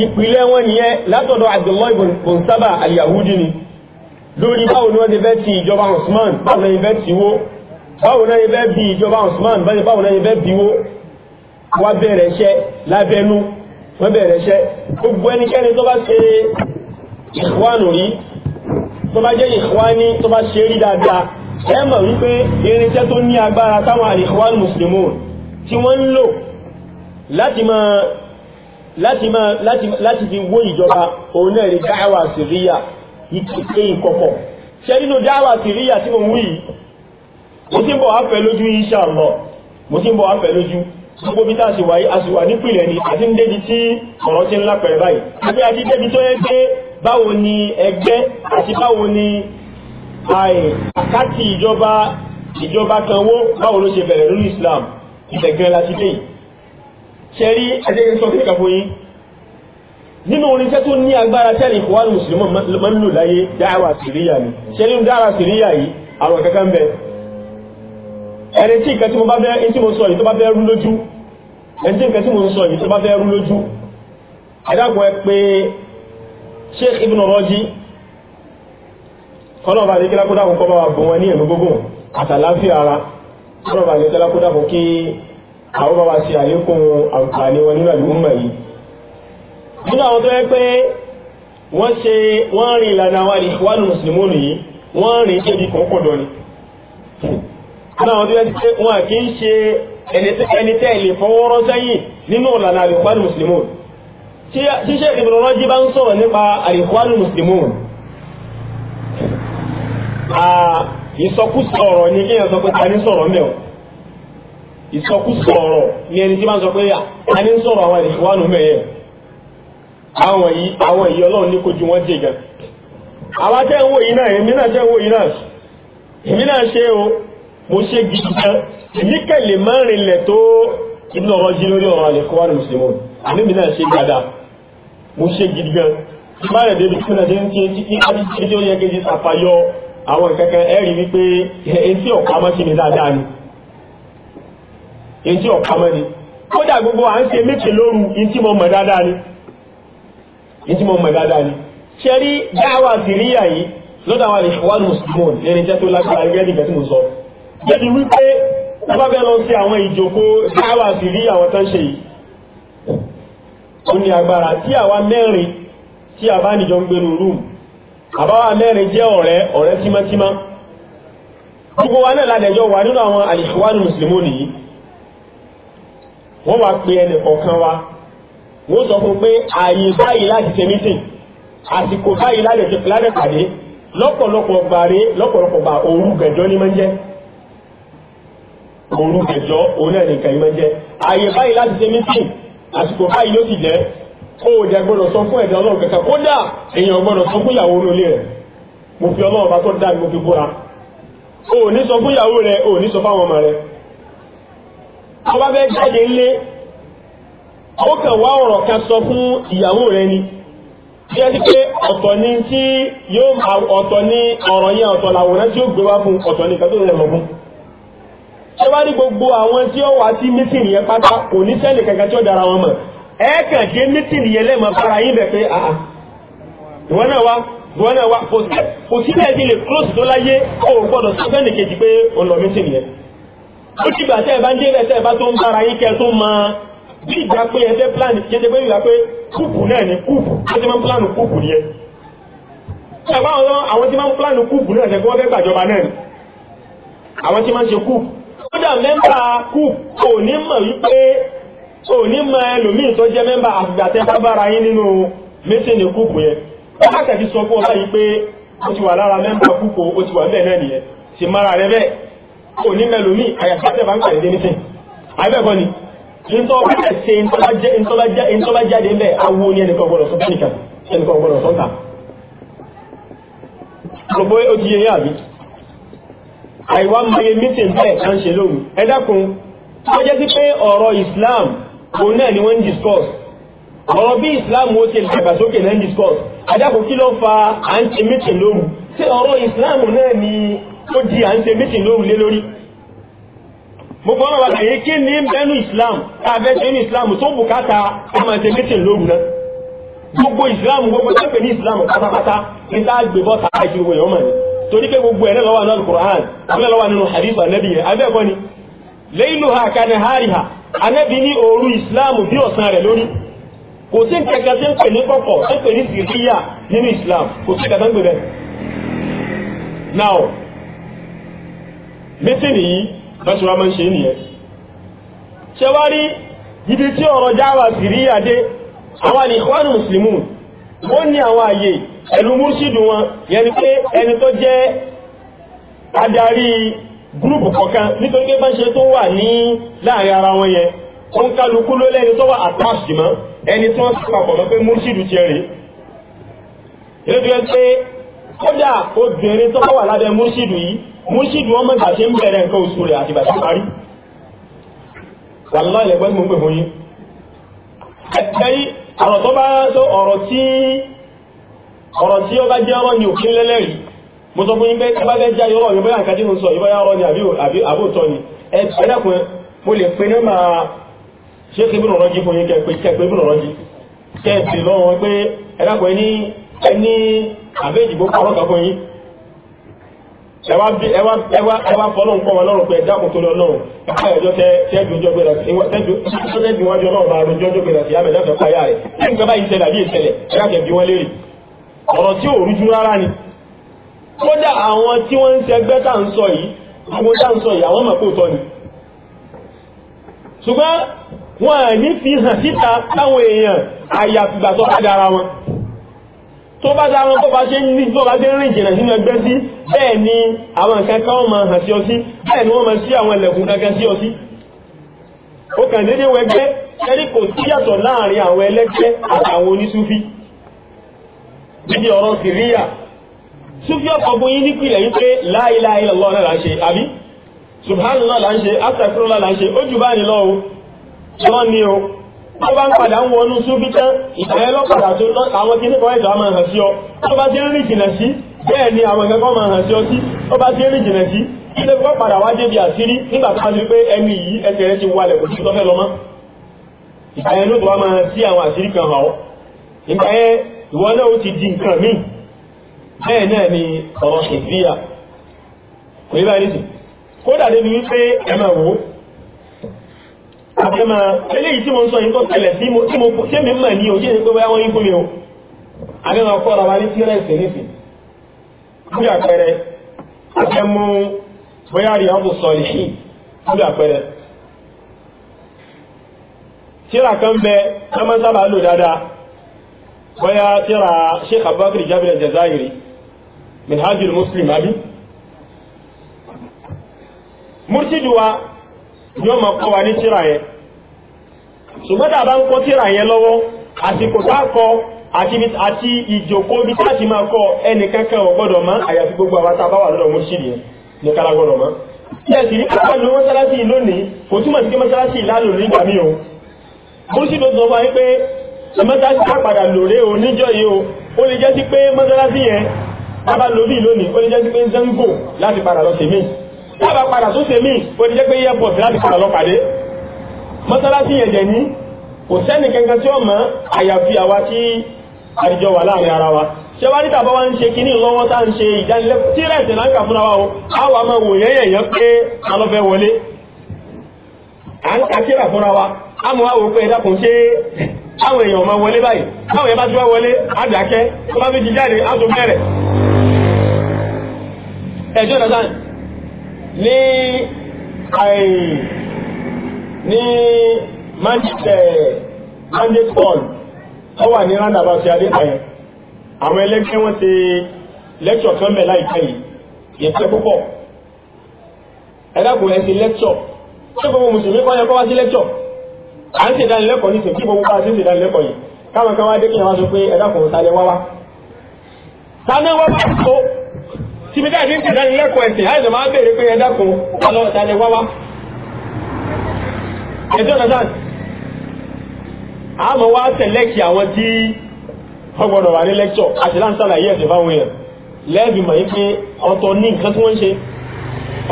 ìpìlẹ̀ wọn nìyẹn látọ̀dọ̀ Abdullahi ibn Saba ni lórí báwo ni wọ́n ti fẹ́ ti ìjọba Usman báwo ni wọ́n ti fẹ́ ti wó báwo náà yẹ fẹ́ bí ìjọba Usman báwo náà yẹ fẹ́ bí wó wá bẹ̀rẹ̀ iṣẹ́ lábẹ́nú wọ́n bẹ̀rẹ̀ iṣẹ́ gbogbo ẹnikẹ́ni tó bá ṣe ìwánù rí tó bá jẹ́ ìwání tó bá ṣe rí dáadáa ẹ mọ̀ wípé irinṣẹ́ tó ní agbára táwọn àríwán muslimun tí wọ́n ń lò láti máa láti máa láti fi wó ìjọba òun náà rí dáwà síríyà ìkèké ìkọ̀kọ̀ ṣe nínú dáwà síríyà tí mo wí mo ti ń bọ̀ áfẹ́ lójú insha Allah mo ti ń bọ̀ áfẹ́ lójú gbogbo bí táà a sì wà nípìnlẹ̀ ni àti ń débi tí ọ̀rọ̀ ti ń lápẹ̀ẹ́ báyìí àti àti débi tó yẹ pé báwo ni ẹgbẹ́ àti báwo ni àkáàtì ìjọba ìjọba kan wó báwo ló ṣe bẹ̀rẹ̀ lórí Islam ibẹ̀ gan ti dé yìí ṣe rí ẹgbẹ́ sọ kíkà fún yín nínú orinṣẹ́ tó ní agbára tẹ́lẹ̀ ìkọ̀wálù mùsùlùmí máa ń lò láyé dáhàwà síríyà ni ṣe nínú dáhàwà síríyà yìí àwọn kankan ń bẹ ẹni tí nǹkan tí mo bá fẹ́ ẹni tí mo sọ yìí tó bá fẹ́ rú lójú ẹni tí nǹkan tí mo sọ yìí tó bá fẹ́ rú lójú ẹ dákun ẹ pé sheikh ibn rọ́jí kọ́nà bá ní kílákúdà kún kọ́bá wà bùn wọn ní ìlú gbogbo àtàláfíà ara kọ́nà bá ní kílákúdà kún kí àwọn bá wá sí àlékún àǹfààní wọn nínú àlùmọ̀ yìí nínú àwọn tó yẹ pé wọ́n ṣe wọ́n rìn ìlànà tí Sheikh Ibn Rajab bá ń sọ̀rọ̀ nípa al-Ikhwan al-Muslimun ìsọkúsọ ọ̀rọ̀ ni kí èèyàn sọ pé ta ní sọ̀rọ̀ mẹ́ọ̀ ìsọkúsọ ọ̀rọ̀ ni ẹni tí máa ń sọ pé ta ní sọ̀rọ̀ àwọn al-Ikhwan mẹ́yẹ àwọn yìí àwọn èyí ọlọ́run ní kojú wọn jẹ gan àwọn tẹ́ ń yìí náà èmi náà tẹ́ ń yìí náà èmi náà ṣe o mo ṣe gidi gan èmi kẹ̀lé mẹ́rin lẹ̀ tó Ibn Rajab lórí ọ̀rọ̀ al-Ikhwan al àmì mi náà ṣe dáadáa mo ṣe gidi gan tí má rẹ̀ débi tí mo ṣe ń ṣe títí láti ṣe tí ó yẹ kí n ṣe ṣàfàyọ àwọn ìkẹ́kẹ́ ẹ̀rí wípé etí ọ̀pamọ́ sí mi dáadáa ni etí ọ̀pamọ́ ni kódà gbogbo à ń ṣe méje lóru etí mo mọ̀ dáadáa ni etí mo mọ̀ dáadáa ni ṣe rí dáhàwá síríyà yìí lọ́dọ̀ àwọn ìṣòwádìí mùsùlùmí lẹ́ni jẹ́ tó lágbára gẹ́gẹ́ nígbà tí mo sọ débi wípé wọ́n bá fẹ́ lọ sí àwọn ìjókòó dáhàwá síríyà àwọn tán ṣe yìí ó ní agbára tí àwa mẹ́rin tí a bá nìjọ ń gbénu rúùmù àbáwá mẹ́rin jẹ́ ọ̀rẹ́ ọ̀rẹ́ tímọ́tímọ́ gbogbo wa náà ládẹjọ́ wà nínú àwọn àlìṣíwánù mùsùlùmí nìyí wọ́n wá pe ẹnì kọ̀ọ̀kan wa wọ́n sọ fún pé ààyè báyìí láti ṣe mítìn àsìkò báyìí lálẹ́ pàdé lọ́pọ̀lọpọ̀ gbàre lọ́pọ̀lọpọ̀ gbà òru gẹ̀jọ́ ní máa ń jẹ́ òru gẹ̀jọ́ òun náà nìkan ní máa ń jẹ́ ààyè báyìí láti ṣe mítìn àsìkò báyìí ló ti jẹ́ ó jẹ́ gbọ́dọ̀ sọ fún ẹ̀dá ọlọ́run kankan kódà èèyàn gbọ́dọ̀ sọ fún ìyàwó orí rẹ̀ mo fi ọlọ́run bá tó dá mi mo fi búra ó ní sọ fún ìyàwó rẹ̀ ó ní sọ fáwọn ọmọ rẹ̀ ọba fẹ́ jáde ńlé ó kàn wá ọ̀rọ̀ kan sọ fún ìyàwó rẹ̀ ni tí ẹ ti pé ọ̀tọ̀ ni tí yóò ọ̀tọ̀ ni ọ̀rọ̀ yẹn ọ̀tọ̀ làwòrán tí ó gbé wá fún ọ̀tọ̀ ni ìkàtó rẹ̀ mọ̀ fún ṣé wá ní gbogbo àwọn tí ó wá sí mítìnì yẹn pátá kò ní sẹ́ni kankan tí ó dára wọn mọ̀ ẹ kàn dé mítìnì yẹn lẹ́mọ̀ fara yín bẹ̀ pé àà ìwọ náà wá ìwọ náà wá kò sí lẹ́ẹ̀dì lè close tó láyé ó gbọ́dọ̀ sí sẹ́ni kejì pé ó lọ mítìnì yẹn ó ti gbà tẹ́ ẹ bá ń dé bẹ́ẹ̀ tẹ́ ẹ bá tó ń bára yín kẹ́ tó máa bí ìgbà pé ẹ fẹ́ pílánì jẹjẹ pé ìgbà pé kúùkù náà ni kúùkù ó ti máa ń pílánì kúùkù nìyẹn ṣàbáwọn àwọn tí máa ń pílánì kúùkù náà ṣe kí wọ́n fẹ́ gbàjọba náà àwọn tí máa ń ṣe kúùkù kódà mẹ́mbà kù kò ní mọ̀ wípé kò ní mọ ẹlòmíì tó jẹ́ mẹ́mbà àgbàtẹ́ bábára yín nínú yẹn sọ fún ọba yìí pé ó ti wà lára mẹ́mbà ó ti wà mara rẹ bẹ́ẹ̀ kò ní mẹlòmíì àyàtẹ́ bá ń ni si ṣe ntọ́bàjẹ́ ntọ́bàjáde bẹ́ẹ̀ awo ní ẹnìkan àìwá maye mítìn bẹ́ẹ̀ ká ń ṣe lónìí ẹ dákun tó jẹ́ sí pé ọ̀rọ̀ Islam òun náà ni wọ́n ń discuss ọ̀rọ̀ bí Islam ó ṣe dàgbàsókè náà ń discuss ẹ dákun kí ló fa à ń ṣe mítìn lóru ṣé ọ̀rọ̀ Islam náà ni ó di à ń ṣe mítìn lóru lé lórí mo fọ́ ọ̀rọ̀ wàtàyé kí ní bẹ́nu Islam káàbẹ́ ṣe ní Islam tó bùkátà ọmọ ṣe mítìn lóru náà gbogbo Islam gbogbo tẹ́pẹ̀ ní Islam pátápátá ní tá a gbé bọ́ta àìsí ni torí pé gbogbo ẹ̀rẹ́ lọ́wọ́ nínú Qur'an lọ́wọ́ nínú hadith anabi rẹ̀ abẹ́ ẹ̀kọ́ ni layluha ka nahariha anabi ní òru ìsìláàmù bí ọ̀sán rẹ̀ lórí kò sí kẹkẹ tí ń pè ní kọ̀kọ̀ ń pè ní sìríyà nínú ìsìláàmù kò sí kẹkẹ ń pè bẹ́ẹ̀ now mítí nìyí bẹ́sùn wa máa ń ṣe nìyẹn ṣe wá rí ibi tí ọ̀rọ̀ jáwà sìríyà dé àwọn àlìkọ́nù mùsùlùmù ó ní àwọn àyè ẹnu múrṣídù wọn yẹni pé ẹni tó jẹ́ adarí gúrùpù kọ̀ọ̀kan nítorí pé bá ń ṣe tó wà ní láàrin ara wọn yẹn ó ń kálukú ló lẹ́ni tó wà àtàṣì mọ́ ẹni tí wọ́n sì papọ̀ mọ́ pé múrṣídù ti rèé nítorí pé kódà obìnrin tó wà lábẹ́ múrṣídù yìí múrṣídù wọn mọ̀gbà ṣe ń bẹ̀rẹ̀ nǹkan oṣù rẹ̀ àti bàtí parí wàlúwà ilẹ̀ gbẹ́gbẹ́ mú pè fún yín ẹ̀ẹ́dẹ́yìn ọ̀rọ̀ tó bá tó ọ̀rọ̀ tí ọ̀rọ̀ tí ó bá jẹ́ ọ̀rọ̀ ni òfin lẹ́lẹ́rìí mo sọ fún yín pé bá fẹ́ jáyọ ọ̀rọ̀ yóò nǹkan tí sọ ìbáyá ọ̀rọ̀ ni àbí àbóòtọ́ ni ẹ̀dàkùn mo lè pè nọ́mbà ṣé kébùn ọ̀rọ̀ jí ọ̀rọ̀ jí fún yín ọ̀rọ̀ tí ò rújú rárá ni kódà àwọn tí wọ́n ń ṣẹgbẹ́ tá ń sọ yìí àwọn tá ń sọ yìí àwọn mọ̀kó tọ́ ni ṣùgbọ́n wọ́n ní fi hàn síta táwọn èèyàn àyàfìgbà tó bá dára wọn tó bá dára wọn tó bá ṣe ní tó bá ṣe rìn jìnà sínú ẹgbẹ́ sí bẹ́ẹ̀ ni àwọn nǹkan kan máa hàn sí ọ sí bẹ́ẹ̀ ni wọ́n máa sí àwọn ẹlẹ́kùn kankan sí ọ sí ó kàn déédéé wẹgbẹ́ ẹni kò síyàtọ̀ láàrin àwọn ẹlẹ́gbẹ́ àtàwọn onísúfí níbi ọ̀rọ̀ sìríyà súfí ọ̀pọ̀ bóyí nípìnlẹ̀ yí pé la ilaha illallah náà là ń ṣe àbí subhanallah là ń ṣe astaghfirullah là ń ṣe ó jù bá ní lọ́wọ́ lọ́ ní o tó bá ń padà ń wọnú súfí tán ìtàyẹ lọ́pàdà tó àwọn kí nípa ẹ̀dọ̀ máa hàn sí ọ tó bá ti rìn ni àwọn ìkẹ́kọ̀ọ́ máa hàn sí ọ sí tó bá ti rìn jìnà sí ilé kọ́ padà wá débi àṣírí nígbà tó bá ti pé ẹni yìí ẹsẹ̀ rẹ ti wálẹ̀ kò sí tọ́fẹ́ lọ́mọ́ ìtàyẹ ló tó wá máa ìwọ náà ó ti di nǹkan mí bẹ́ẹ̀ náà ni ọ̀rọ̀ ṣèfíà kò yíba nìsí kódà débi wípé ẹmà wò àti ẹmà eléyìí tí mo ń sọ yìí tó tẹ̀lẹ̀ tí mo tí mi mọ̀ ní òjé ní pé bóyá wọ́n yí fún mi o àdéhùn ọkọ̀ ọ̀rọ̀ wa ní tírẹ̀sì nìsí bí àpẹẹrẹ àtẹmú bóyá rí ọdún sọ ìṣí bí àpẹẹrẹ tíra kan bẹ ọmọ sábà lò dáadáa bóyá tíra sheikh abubakar jabir al-jazairi minhaj muslim abi mursidu wa yóò máa kọ́ wa ní tíra yẹn ṣùgbọ́n tá a bá ń kọ́ tíra yẹn lọ́wọ́ àsìkò tá a kọ́ àti ìjòkó bí tá a ti máa kọ́ ẹnìkankan ò gbọ́dọ̀ mọ́ àyàfi gbogbo àwọn tá a bá wà lọ́dọ̀ mursidu yẹn ní kálá gbọ́dọ̀ mọ́ yẹ́sì ní kápá ló mọ́sálásí lónìí kò túmọ̀ sí pé mọ́sálásí o mursidu sọ fún wa pé mọ́sálásí tá padà lòrè o níjọ́ yìí o ó lè jẹ́ sí pé mọ́sálásí yẹn bábá lórí lónìí ó lè jẹ́ sí pé zango láti padà lọ sèmí tábà padà tó sèmí ó lè jẹ́ pé airport láti padà lọ pàdé mọ́sálásí yẹn jẹ̀ ní kò sẹ́ni kankan tí ó mọ̀ àyàfi àwa tí àdìjọ wà láàrin ara wa ṣe wá níta ń ṣe kíní lọ́wọ́ tá ń ṣe ìdánilẹ́kọ̀ọ́ tí rẹ̀ tẹ̀lá ń kà fúnra wa o a wà máa wò yẹ́yẹ̀ yẹn pé a lọ fẹ́ wọlé à ń kà kíra fúnra wa a mọ̀ wá wò pé ẹ̀dá kò ṣe àwọn èèyàn máa wọlé báyìí táwọn èèyàn bá ti wá wọlé àdàkẹ́ tó bá fi ti jáde á tó bẹ̀rẹ̀ ẹjọ́ nàdá ní àì ní Manchester mandate hall ó wà ní randaba ti adékayẹ àwọn ẹlẹ́gbẹ́ wọn ti lẹ́kṣọ̀ kan bẹ̀ láìpẹ́ yìí yẹ̀pẹ́ púpọ̀ ẹ̀dàkùn ẹ̀ ti lẹ́kṣọ̀ ṣé gbogbo mùsùlùmí kọ́ yẹ kọ́ wá sí lẹ́kṣọ̀ à ń ṣèdánilẹ́kọ̀ọ́ ní sèkí gbogbo bá a ṣe ń ṣèdánilẹ́kọ̀ọ́ yìí káwọn kan wá dé kí wọn sọ pé ẹ̀dá kò sálẹ̀ wá wá. sálẹ̀ wá wá tó síbi dáa ti ń ṣèdánilẹ́kọ̀ọ́ ẹ̀sìn àìsàn máa ń béèrè pé ẹ̀dá kò sálẹ̀ wá wá. ẹ̀sìn ọ̀nà sáà àmọ́ wá sẹ̀lẹ́kì àwọn tí wọ́n gbọ́dọ̀ wà ní lẹ́kṣọ̀ àti láǹsàlàyé ẹ̀sìn fáwọn èèyàn lẹ́ẹ̀bì mọ̀ pé ọ̀tọ̀ ní nǹkan tí wọ́n ń ṣe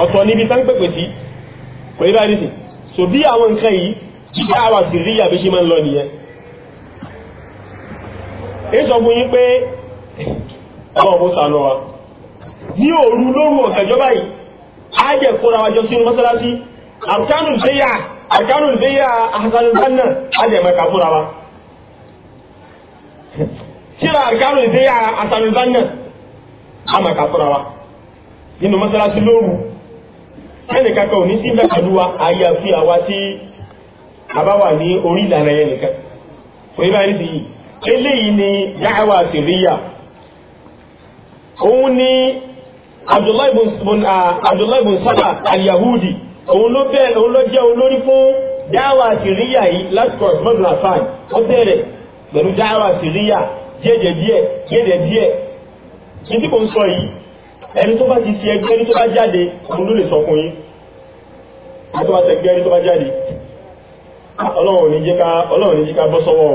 ọ̀tọ̀ níbi tán pèpè sí kò ní báyìí sí so bí àwọn nǹkan yìí jíjá àwà bìríyà bí ṣe máa ń lọ nìyẹn èso fún yín pé ọlọ́run bó sànú wa ní òru lóru ọ̀kẹ́jọba yìí á jẹ́ kóra wájọ sínú mọ́sálásí àrùkánù ìfẹ́yà àrùkánù ìfẹ́yà àhàzánà á jẹ́ mẹ́ka fúnra wa síra àrùkánù ìfẹ́yà àhàzánà á mẹ́ka fúnra wa nínú mọ́sálásí lóru ẹnì kankan ò ní sí mẹ́kàlú wa àyàfi àwa tí àbáwà ní orí ìlànà yẹn nìkan òye bá yẹn yìí eléyìí ni dáhàwà sirriya òun ni abdullahi bin sábà ah, al-yahudi òun ló bẹ́ẹ̀ òun ló jẹ́ olórí fún dáhàwà sirriya yìí lásìkò ọ̀sùnmọ́dù afan ó bẹ̀rẹ̀ pẹ̀lú dáhàwà sirriya jẹ́jẹ̀ díẹ̀ jẹ́jẹ̀ díẹ̀ kí n tí kò ń sọ yìí ẹni tó bá ti fi ẹgbẹ́ ẹni tó bá jáde òun ló lè sọ fún yín ẹni tó tẹ̀gbẹ́ ẹni tó bá jáde ọlọ́run ní jíká bọ́ sọ́wọ́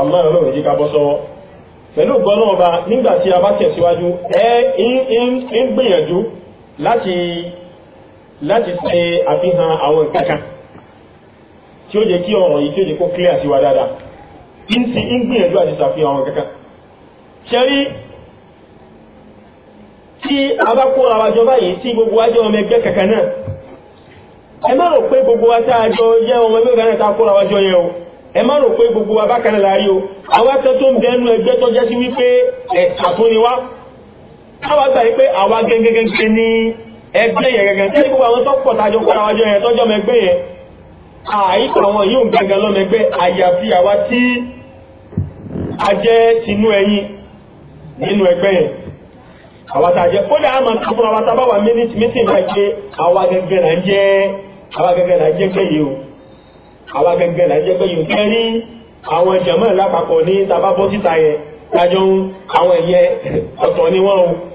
ọmọ ọlọ́run jíká bọ́ sọ́wọ́ pẹ̀lú gbọ́nà ọba nígbàtí a bá tẹ̀síwájú ẹ ń gbìyànjú láti ṣe àfihàn àwọn ìkẹ́kà tí ó jẹ́ kí ọ̀rọ̀ yìí tí ó jẹ́ kó clear sí wa dáadáa ń gbìyànjú àti ṣàfihàn àwọn ìkẹ́kà ṣẹ́rí tí a bá ẹ má rò pé gbogbo wa tá a jọ jẹ́ ọmọ ẹgbẹ́ kan náà ká kóra wájọ yẹn o ẹ má rò pé gbogbo wa bákan náà láàyò àwa kan tó ń bẹnu ẹgbẹ́ tó jẹ́ sí wípé ẹ̀ àtúniwá káwa gbà yí pé àwa gẹ́gẹ́gẹ́gẹ́ ní ẹgbẹ́ yẹn gẹ́gẹ́ tí gbogbo àwọn tó pọ̀ tájọ kóra wájọ yẹn tọ́jọ́ mẹgbẹ́ yẹn àyíkọ̀ àwọn yóò gẹ́gẹ́ lọ́mẹgbẹ́ àyàfi àwa tí a jẹ́ tinú ẹ̀yìn nínú ẹgbẹ́ yẹn àwa tá a jẹ́ kódà àmọ́ àfúnra wa tá a bá wà mítìn láì àwa gẹ́gẹ́ la jẹ́ pé yìí o àwa gẹ́gẹ́ la jẹ́ pé yìí o kẹ́rí àwọn jàmá lápapọ̀ ní tababọ́ síta yẹn lájọ́ ń àwọn ẹ̀yẹ ọ̀tọ̀ ni o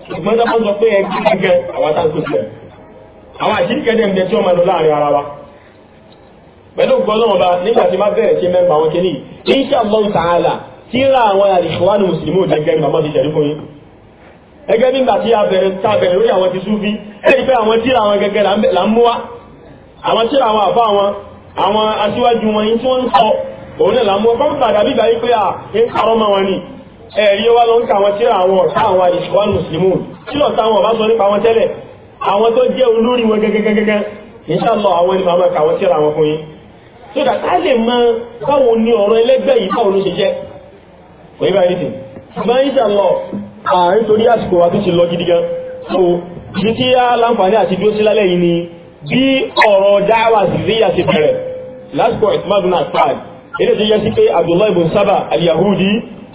ṣùgbọ́n tábọ́ sọ pé ẹgbẹ́ gẹ́gẹ́ àwa tá ń tó tiẹ̀ àwọn àṣírí kẹ́dẹ̀ ń bẹ tí wọ́n máa lọ láàrin ara wa pẹ̀lú gbọ́dọ̀ bá nígbà tí má bẹ̀rẹ̀ sí mẹ́mbà wọn kìíní insha Allah ta'ala tí ra àwọn al-Ikhwan mùsùlùmí ò jẹ́gẹ́ bàbá ti ṣẹ̀rí fún yín ẹgẹ́ nígbà tí a bẹ̀rẹ̀ tá a bẹ̀rẹ̀ lórí àwọn ti súfí ẹ̀rí pé àwọn tí ra àwọn gẹ́gẹ́ là ń mú wá àwọn tíra àwọn àbá wọn àwọn aṣíwájú wọn yìí tí wọ́n ń sọ òun náà làmú ọkọ̀ ń padà bíbá yí pé à ń parọ́ mọ́ wọn ni ẹ̀rí wa ló ń ka àwọn tíra àwọn ọ̀tá àwọn àdìsíwájú mùsùlùmù tí lọ́ta àwọn ọ̀bá sọ nípa wọn tẹ́lẹ̀ àwọn tó jẹ́ olórí wọn gẹ́gẹ́gẹ́gẹ́ inshallah àwọn ẹni màmá ka àwọn tíra àwọn fún yín so that a lè mọ báwo ni ọ̀rọ̀ ẹlẹ́gbẹ́ yìí báwo ló ṣe jẹ́ kò yí báyìí nìsín ṣùgbọ́n inshallah à ń torí àsìkò wa tó ti lọ gidi gan so ibi tí a láǹfààní àti dúró sí lálẹ́ yìí ni bí ọ̀rọ̀ dáwà zíríyà ti bẹ̀rẹ̀ lásìkò ìtìmọ́dún náà fàájì ilé tó yẹ sí pé abdullahi ibn saba al-yahudi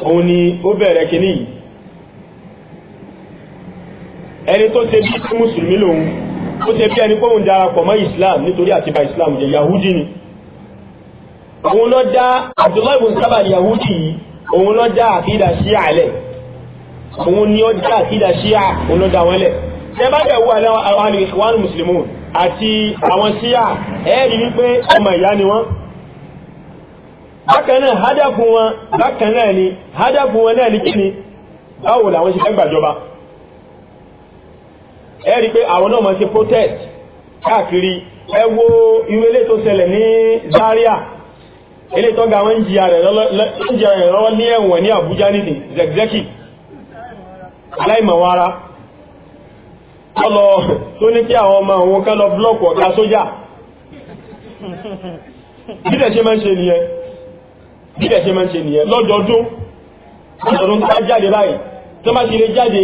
òun ni ó bẹ̀rẹ̀ kìíní ẹni tó ṣe bí tí mùsùlùmí lòun ó ṣe bí ẹni kóhun darapọ̀ mọ́ islam nítorí àti bà islam jẹ yahudi ni òun lọ dá abdullahi ibn saba al òun lọ dá àkídà ṣíà lẹ̀ òun ni ó dá àkídà ṣíà òun lọ dá wọn lẹ̀ tẹ́ bá bẹ̀ wọ àwọn àlùkò àwọn mùsùlùmí àti àwọn síyà ẹ̀ẹ́rì wípé ọmọ ìyá ni wọ́n bákanáà hádàfún wọn bákanáà ni hádàfún wọn náà ní ni báwo làwọn ṣe fẹ́ ẹ̀ẹ́rì pé àwọn náà máa ṣe protest káàkiri ẹ wo tó Zaria ilé tó wọn ń jìyà rẹ̀ abuja ní ẹ̀wọ̀n ní tọ́lọ tó ní kí àwọn ọmọ àwọn kẹ́lọ blọ́ọ̀kù ọ̀gá sójà bídẹ̀ ṣe máa ń ṣe nìyẹn bídẹ̀ ṣe máa ń ṣe nìyẹn lọ́dọọdún lọ́dọọdún tó bá jáde láì tó bá ti lè jáde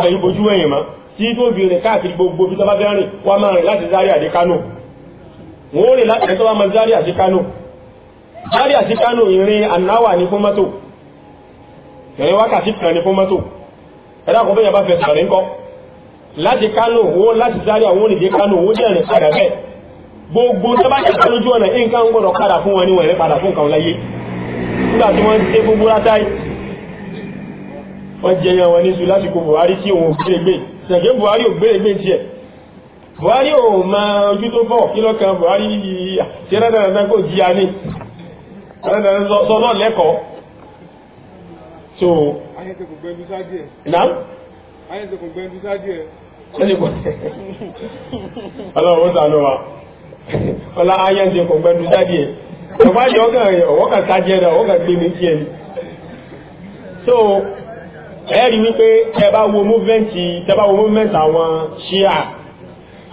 àyè bojú ẹ̀yìn mọ́ tí tó fi rìn káàkiri gbogbo bí tó bá fẹ́ rìn wá máa rìn láti Zaria dé Kánò wọ́n rìn láti ẹ̀tọ́ wá máa Zaria sí Kánò Zaria sí Kánò ìrìn ànáwà ní fún mọ́tò ìrìn wákàtí kan ní fún mọ́tò ẹ̀dá kò fẹ́yàn bá fẹ́ sàrí ńkọ́ láti Kánò wọ́n láti Zaria wọ́n nìdé Kánò wọ́n jẹ́ rìn padà bẹ́ẹ̀ gbogbo tó bá kẹta lójú ọ̀nà nǹkan gbọ́dọ̀ padà fún wọn ní wọ̀n rẹ̀ padà fún kan láyé nígbà tí wọ́n dé gbogbo látàí wọ́n jẹ yan wọn níṣu lásìkò Buhari tí òun gbèrègbè ṣẹ̀gẹ́ Buhari ò gbèrègbè tiẹ̀ Buhari ò mọ ojú tó bọ̀ kí lọ́kàn Buhari ti rẹ́dàrẹ́dà kò jí ani rẹ́dàrẹ́dà sọ náà lẹ́kọ̀ọ́ so. ayé tẹkùn gbẹndú sáájú ẹ. náà. ayé tẹkùn gbẹndú sáájú ẹ ọlọ́run ó sànú wa ọlá ayé ń ṣe kò gbẹdú jáde ẹ̀ ọ̀pá yọ ọ̀gá rẹ̀ ọ̀wọ́ kan sáájẹ́ rẹ̀ ọ̀wọ́ kan gbé mi sí ẹni. so ẹ rí wípé tẹ bá wo múvẹ́ǹtì tẹ bá wo múvẹ́ǹtì àwọn ṣíà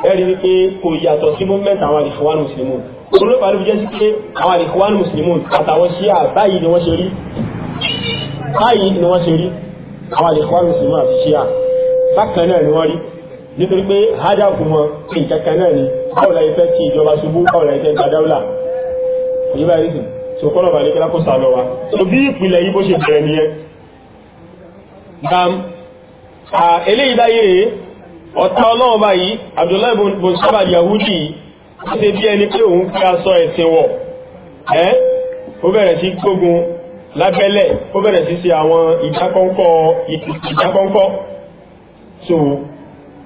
ẹ rí wípé kò yàtọ̀ sí múvẹ́ǹtì àwọn àlìfọwánù mùsùlùmù olóòpàá ló fi jẹ́ sí pé àwọn àlìfọwánù mùsùlùmù àtàwọn ṣíà báyìí ni wọ́n ṣe rí báyìí ni wọ́n ṣe rí àwọn àlìfọwánù mùsùlùmù àti ṣíà bákan náà ni wọ́n rí nítorí pé hájà fún wọn kí nǹkan kan náà ni báwo la yẹ fẹ́ kí ìjọba ṣubú báwo la yẹ fẹ́ gba dáwùlà òye báyìí sìn tó kọ́ lọ́ba àdékẹ́lá kó sàlọ wa tó bí ìpìlẹ̀ yìí bó ṣe bẹ̀rẹ̀ nìyẹn. eléyìí báyìí rèé ọ̀tá ọlọ́run báyìí Abdullahi bonsábà Yahudi ó ṣe bí ẹni pé òun fi aṣọ ẹ̀sìn wọ̀ ẹ́ ó bẹ̀rẹ̀ sí gbógun lábẹ́lẹ̀ ó bẹ̀rẹ̀ sí ṣe àwọn ìdákọ́ńkọ́ ìdákọ́ńkọ́ so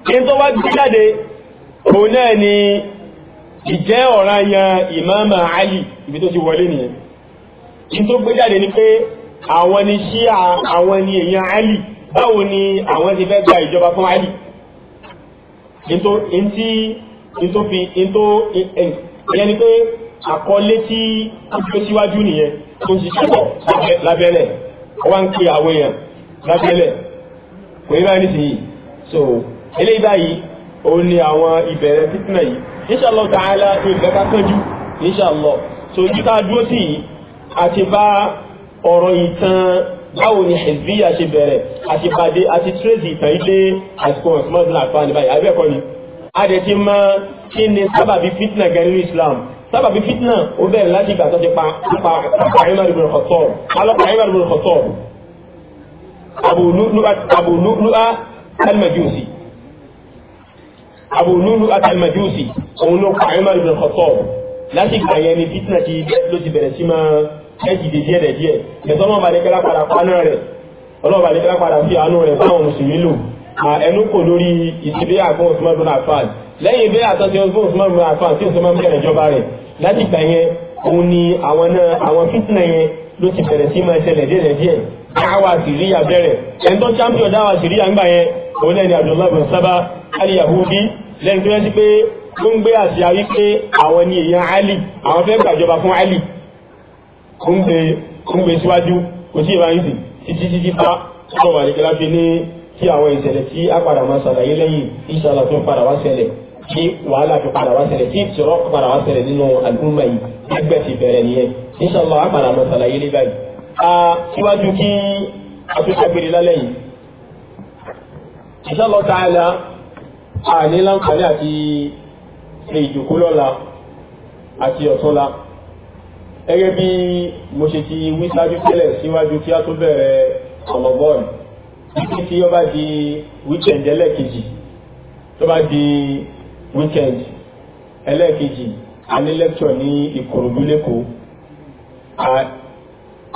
in tó wá gbé jáde òun náà ni ìjẹ́ ọ̀ranyàn Imam Ali ibi tó ti wọlé nìyẹn in tó gbé jáde ni pé àwọn ni ṣíà àwọn ni èèyàn Ali báwo ni àwọn ti fẹ́ gba ìjọba fún Ali in tó fi in tó ẹ̀yẹn ni pé àkọlé tí ó síwájú nìyẹn tó ń ṣiṣẹ́ pọ̀ lábẹ́lẹ̀ wọ́n ń pe àwọn èèyàn lábẹ́lẹ̀ kò ní báyìí nìsíyìí so eléyìí báyìí òun ni àwọn ìbẹ̀rẹ̀ fitna yìí inshallah ta'ala ìgbẹ́ká kánjú inshallah so ojú tá a dúró sí yìí àti bá ọ̀rọ̀ ìtàn báwo ni hezbiya ṣe bẹ̀rẹ̀ àti pàdé àti tírèsì ìtàn ilé àsìkò ọ̀sùnmọ́ ìdílé àpá ní báyìí abẹ́ẹ̀kọ́ ni a dẹ̀ ti mọ kí ni sábàbí fitna gan nínú Islam sábàbí fitna ó bẹ̀rẹ̀ láti ìgbà tó ti pa pa àyínmá ìbùrù kọ̀tọ̀ alọ́pàá àyínmá ìbùrù kọ̀tọ̀ àbùlúà almajusi Abu Lu'lu'at al-Majusi òun ló pa Umar ibn Khattab láti gbà yẹn ni fitna ti ló ti bẹ̀rẹ̀ sí máa ẹ̀jì dé díẹ̀ díẹ̀ ẹ̀sọ́ náà balẹ̀kẹ́lá padà paná rẹ̀ ọlọ́ọ̀bà balẹ̀kẹ́lá padà fi àánú rẹ̀ fáwọn mùsùlùmí lò ẹnu kò lórí ìtìbíyà fún Usman ibn Affan lẹ́yìn ìbéyà àtọ́sí fún Usman ibn Affan tí Usman bẹ̀rẹ̀ ìjọba rẹ̀ láti gbà yẹn òun ni àwọn náà àwọn fitna yẹn ló ti bẹ̀rẹ̀ sí máa ṣẹlẹ̀ díẹ̀ díẹ̀ dáwà síríyà bẹ̀rẹ̀ ẹ̀ńtọ́ champion dáwà síríyà ń yẹn òun náà ni Abdullahi bin Saba al-Yahudi lẹ́yìn tó yẹ sí pé ló ń gbé àṣà wípé àwọn ni èèyàn Ali àwọn fẹ́ gbàjọba fún Ali kó ń gbé kó ń gbé síwájú kò sí ìwáyìí títí títí bá ọmọ àdìgbẹ́lá fi ní kí àwọn ìṣẹ̀lẹ̀ tí a padà máa ṣàlàyé lẹ́yìn ìṣàlà tó padà wá ṣẹlẹ̀ kí wàhálà tó padà wá ṣẹlẹ̀ tí ìṣòro padà wá ṣẹlẹ̀ nínú àdúgbò yìí ẹgbẹ́ ti bẹ̀rẹ̀ nìyẹn ìṣàlà a padà máa ṣàlàyé lé báyìí. síwájú kí a tó ṣàgbére lálẹ́ yìí inshallah ta'ala àní láǹfààní àti ṣe ìjòkó lọ́la àti ọ̀tọ́la gẹ́gẹ́ bí mo ṣe ti wí sáájú tẹ́lẹ̀ síwájú kí a tó bẹ̀rẹ̀ ọ̀lọ́bọ̀ọ̀lù títí tí ó bá di weekend ẹlẹ́ẹ̀kejì tó bá di weekend ẹlẹ́ẹ̀kejì a ní lecture ní Ìkòròdú lẹ́kọ̀ọ́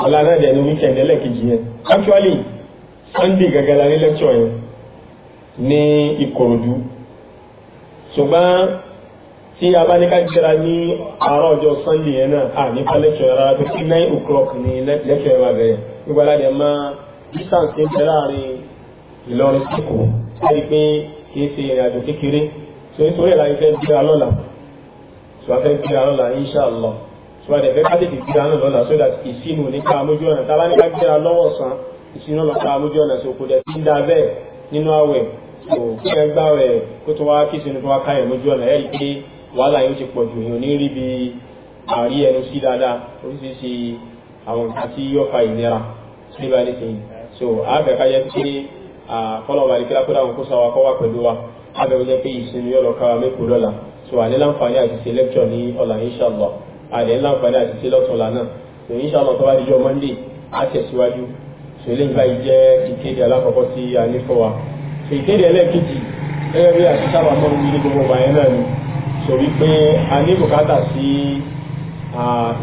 ọ̀la ní weekend ẹlẹ́ẹ̀kejì yẹn actually Sunday gẹ́gẹ́ la ní lecture yẹn ní Ìkòròdú ṣùgbọ́n tí a bá ní ká jẹ́ra ní àárọ̀ ọjọ́ sunday yẹn náà à nípa lẹ́kẹ̀ọ́ rárá pé sí nine o'clock ní lẹ́kẹ̀ọ́ rárá bẹ̀rẹ̀ nígbà láti ẹ̀ máa distance ń bẹ láàrin Ìlọrin sí Èkó láti pé kì í ṣe ìrìn àjò kékeré tó nítorí ẹ̀ láti fẹ́ gbéra lọ́la tó a fẹ́ gbéra lọ́la inshàlá tó a dẹ̀ fẹ́ ká tètè gbéra náà lọ́la so that ìsinú ní ká amójú ọ̀nà tá a bá ní ká gbéra lọ́wọ́ san ìsinú lọ́ so kí ẹ gbá rẹ̀ kó tó wá kí sinú tó wá káyọ̀ lójú ọ̀nà ẹ̀rí pé wàhálà yóò ti pọ̀ jù yóò ní rí bí àrí ẹnu sí dáadáa oríṣiríṣi àwọn nǹkan tí yóò fa ìlera nígbà nísìnyí so àbẹ̀ká jẹ́ pé àkọlọ̀wà ní kílákúdà ń kó sáwà kọ́wà pẹ̀lú wa àbẹ̀wò jẹ́ pé ìsinmi yóò lọ kára mẹ́kù lọ́la so àní láǹfààní àti ṣe lẹ́kṣọ̀ ní ọ̀la inshallah àní láǹfààní àti ṣe lọ́tọ̀ọ̀la náà so inshallah tó bá di jọ monday á tẹ̀síwájú so eléyìí báyìí jẹ́ ìkéde alákọ̀ọ́kọ́ tí a ní fún wa ìkéde ẹlẹ́ẹ̀kejì gẹ́gẹ́ bí àti sábà mọ́ ní ilé gbogbo ọba yẹn náà ni sọ wípé a ní bùkátà sí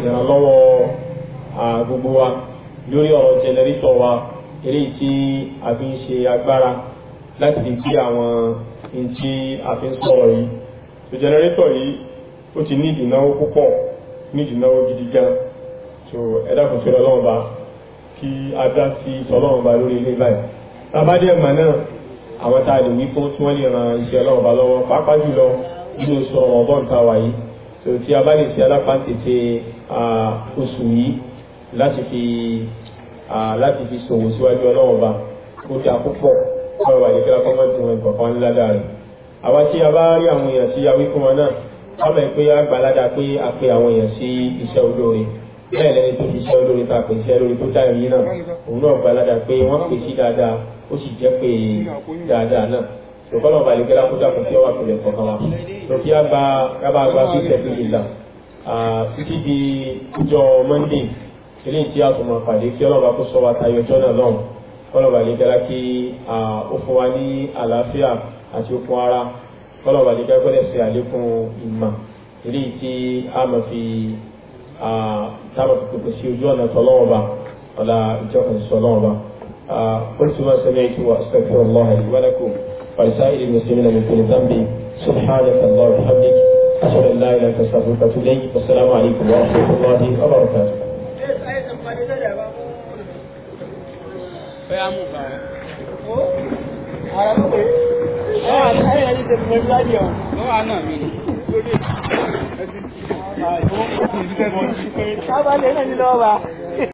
ìrànlọ́wọ́ gbogbo wa lórí ọ̀rọ̀ jẹnẹrétọ̀ wa eléyìí tí a fi ń ṣe agbára láti fi gbé àwọn ohun a fi ń sọ̀rọ̀ yìí so jẹnẹrétọ̀ yìí ó ti ní ìdìnáwó púpọ̀ ní ìdìnáwó gidi gan so ẹ dákun sí ọlọ́run ba kí a dá sí ọlọ́run ba lórí ilé báyìí tá dé ẹ̀mà náà àwọn tá a lè wí fún tí wọ́n lè ran iṣẹ́ ọlọ́run bá lọ́wọ́ pàápàá jùlọ nínú oṣù ọ̀bọ̀n tá a wà yìí tó tí a bá lè ṣe alápáǹtẹ̀tẹ̀ oṣù yìí láti fi láti fi ṣòwò síwájú ọlọ́run bá kó dà púpọ̀ ọ̀rọ̀ wà yìí kí lápá àwa tí a bá rí àwọn èèyàn tí a wí fún wọn náà wọ́n mọ̀ pé agbálada pé a pe àwọn èèyàn sí iṣẹ́ olóore bẹ́ẹ̀ lẹ́ni tó ti iṣẹ́ olóore ta pè iṣẹ́ olóore tó dá ìrìn náà òun náà gbálada pè wọ́n pè dáadáa ó sì jẹ́ pé dáadáa náà lọ́kọ́lọ́ ọba ìlú kẹlá kójá fún kí wọ́n wà pẹ̀lẹ́ kọ̀ọ̀kan wa lókè àgbà kábàgbà sí tẹ̀sílìlà títí di ọjọ́ monday eléyìí tí a tún máa pàdé kí ọlọ́ba kó sọ wa tayọ ọjọ́ náà lọ́hùn kọ́lọ́ba ìlú kẹlá kí ó fún wa ní àlàáfíà àti okun ara kọ́lọ́ba ìlú kẹlá kọ́lẹ̀ sí àlékún ìmọ̀ eléyìí tí a fi táwọn kòkòrò sí ojú ọ̀nà tọ́lọ́wọ́ba ọ̀la ìjọkùn قلت ما سمعت واستغفر الله لي ولكم ولسائر المسلمين من كل ذنب سبحانك الله وبحمدك اشهد ان لا اله الا انت استغفرك واتوب اليك والسلام عليكم ورحمه الله وبركاته. Tábàlì náà ni lọ́wọ́ bá.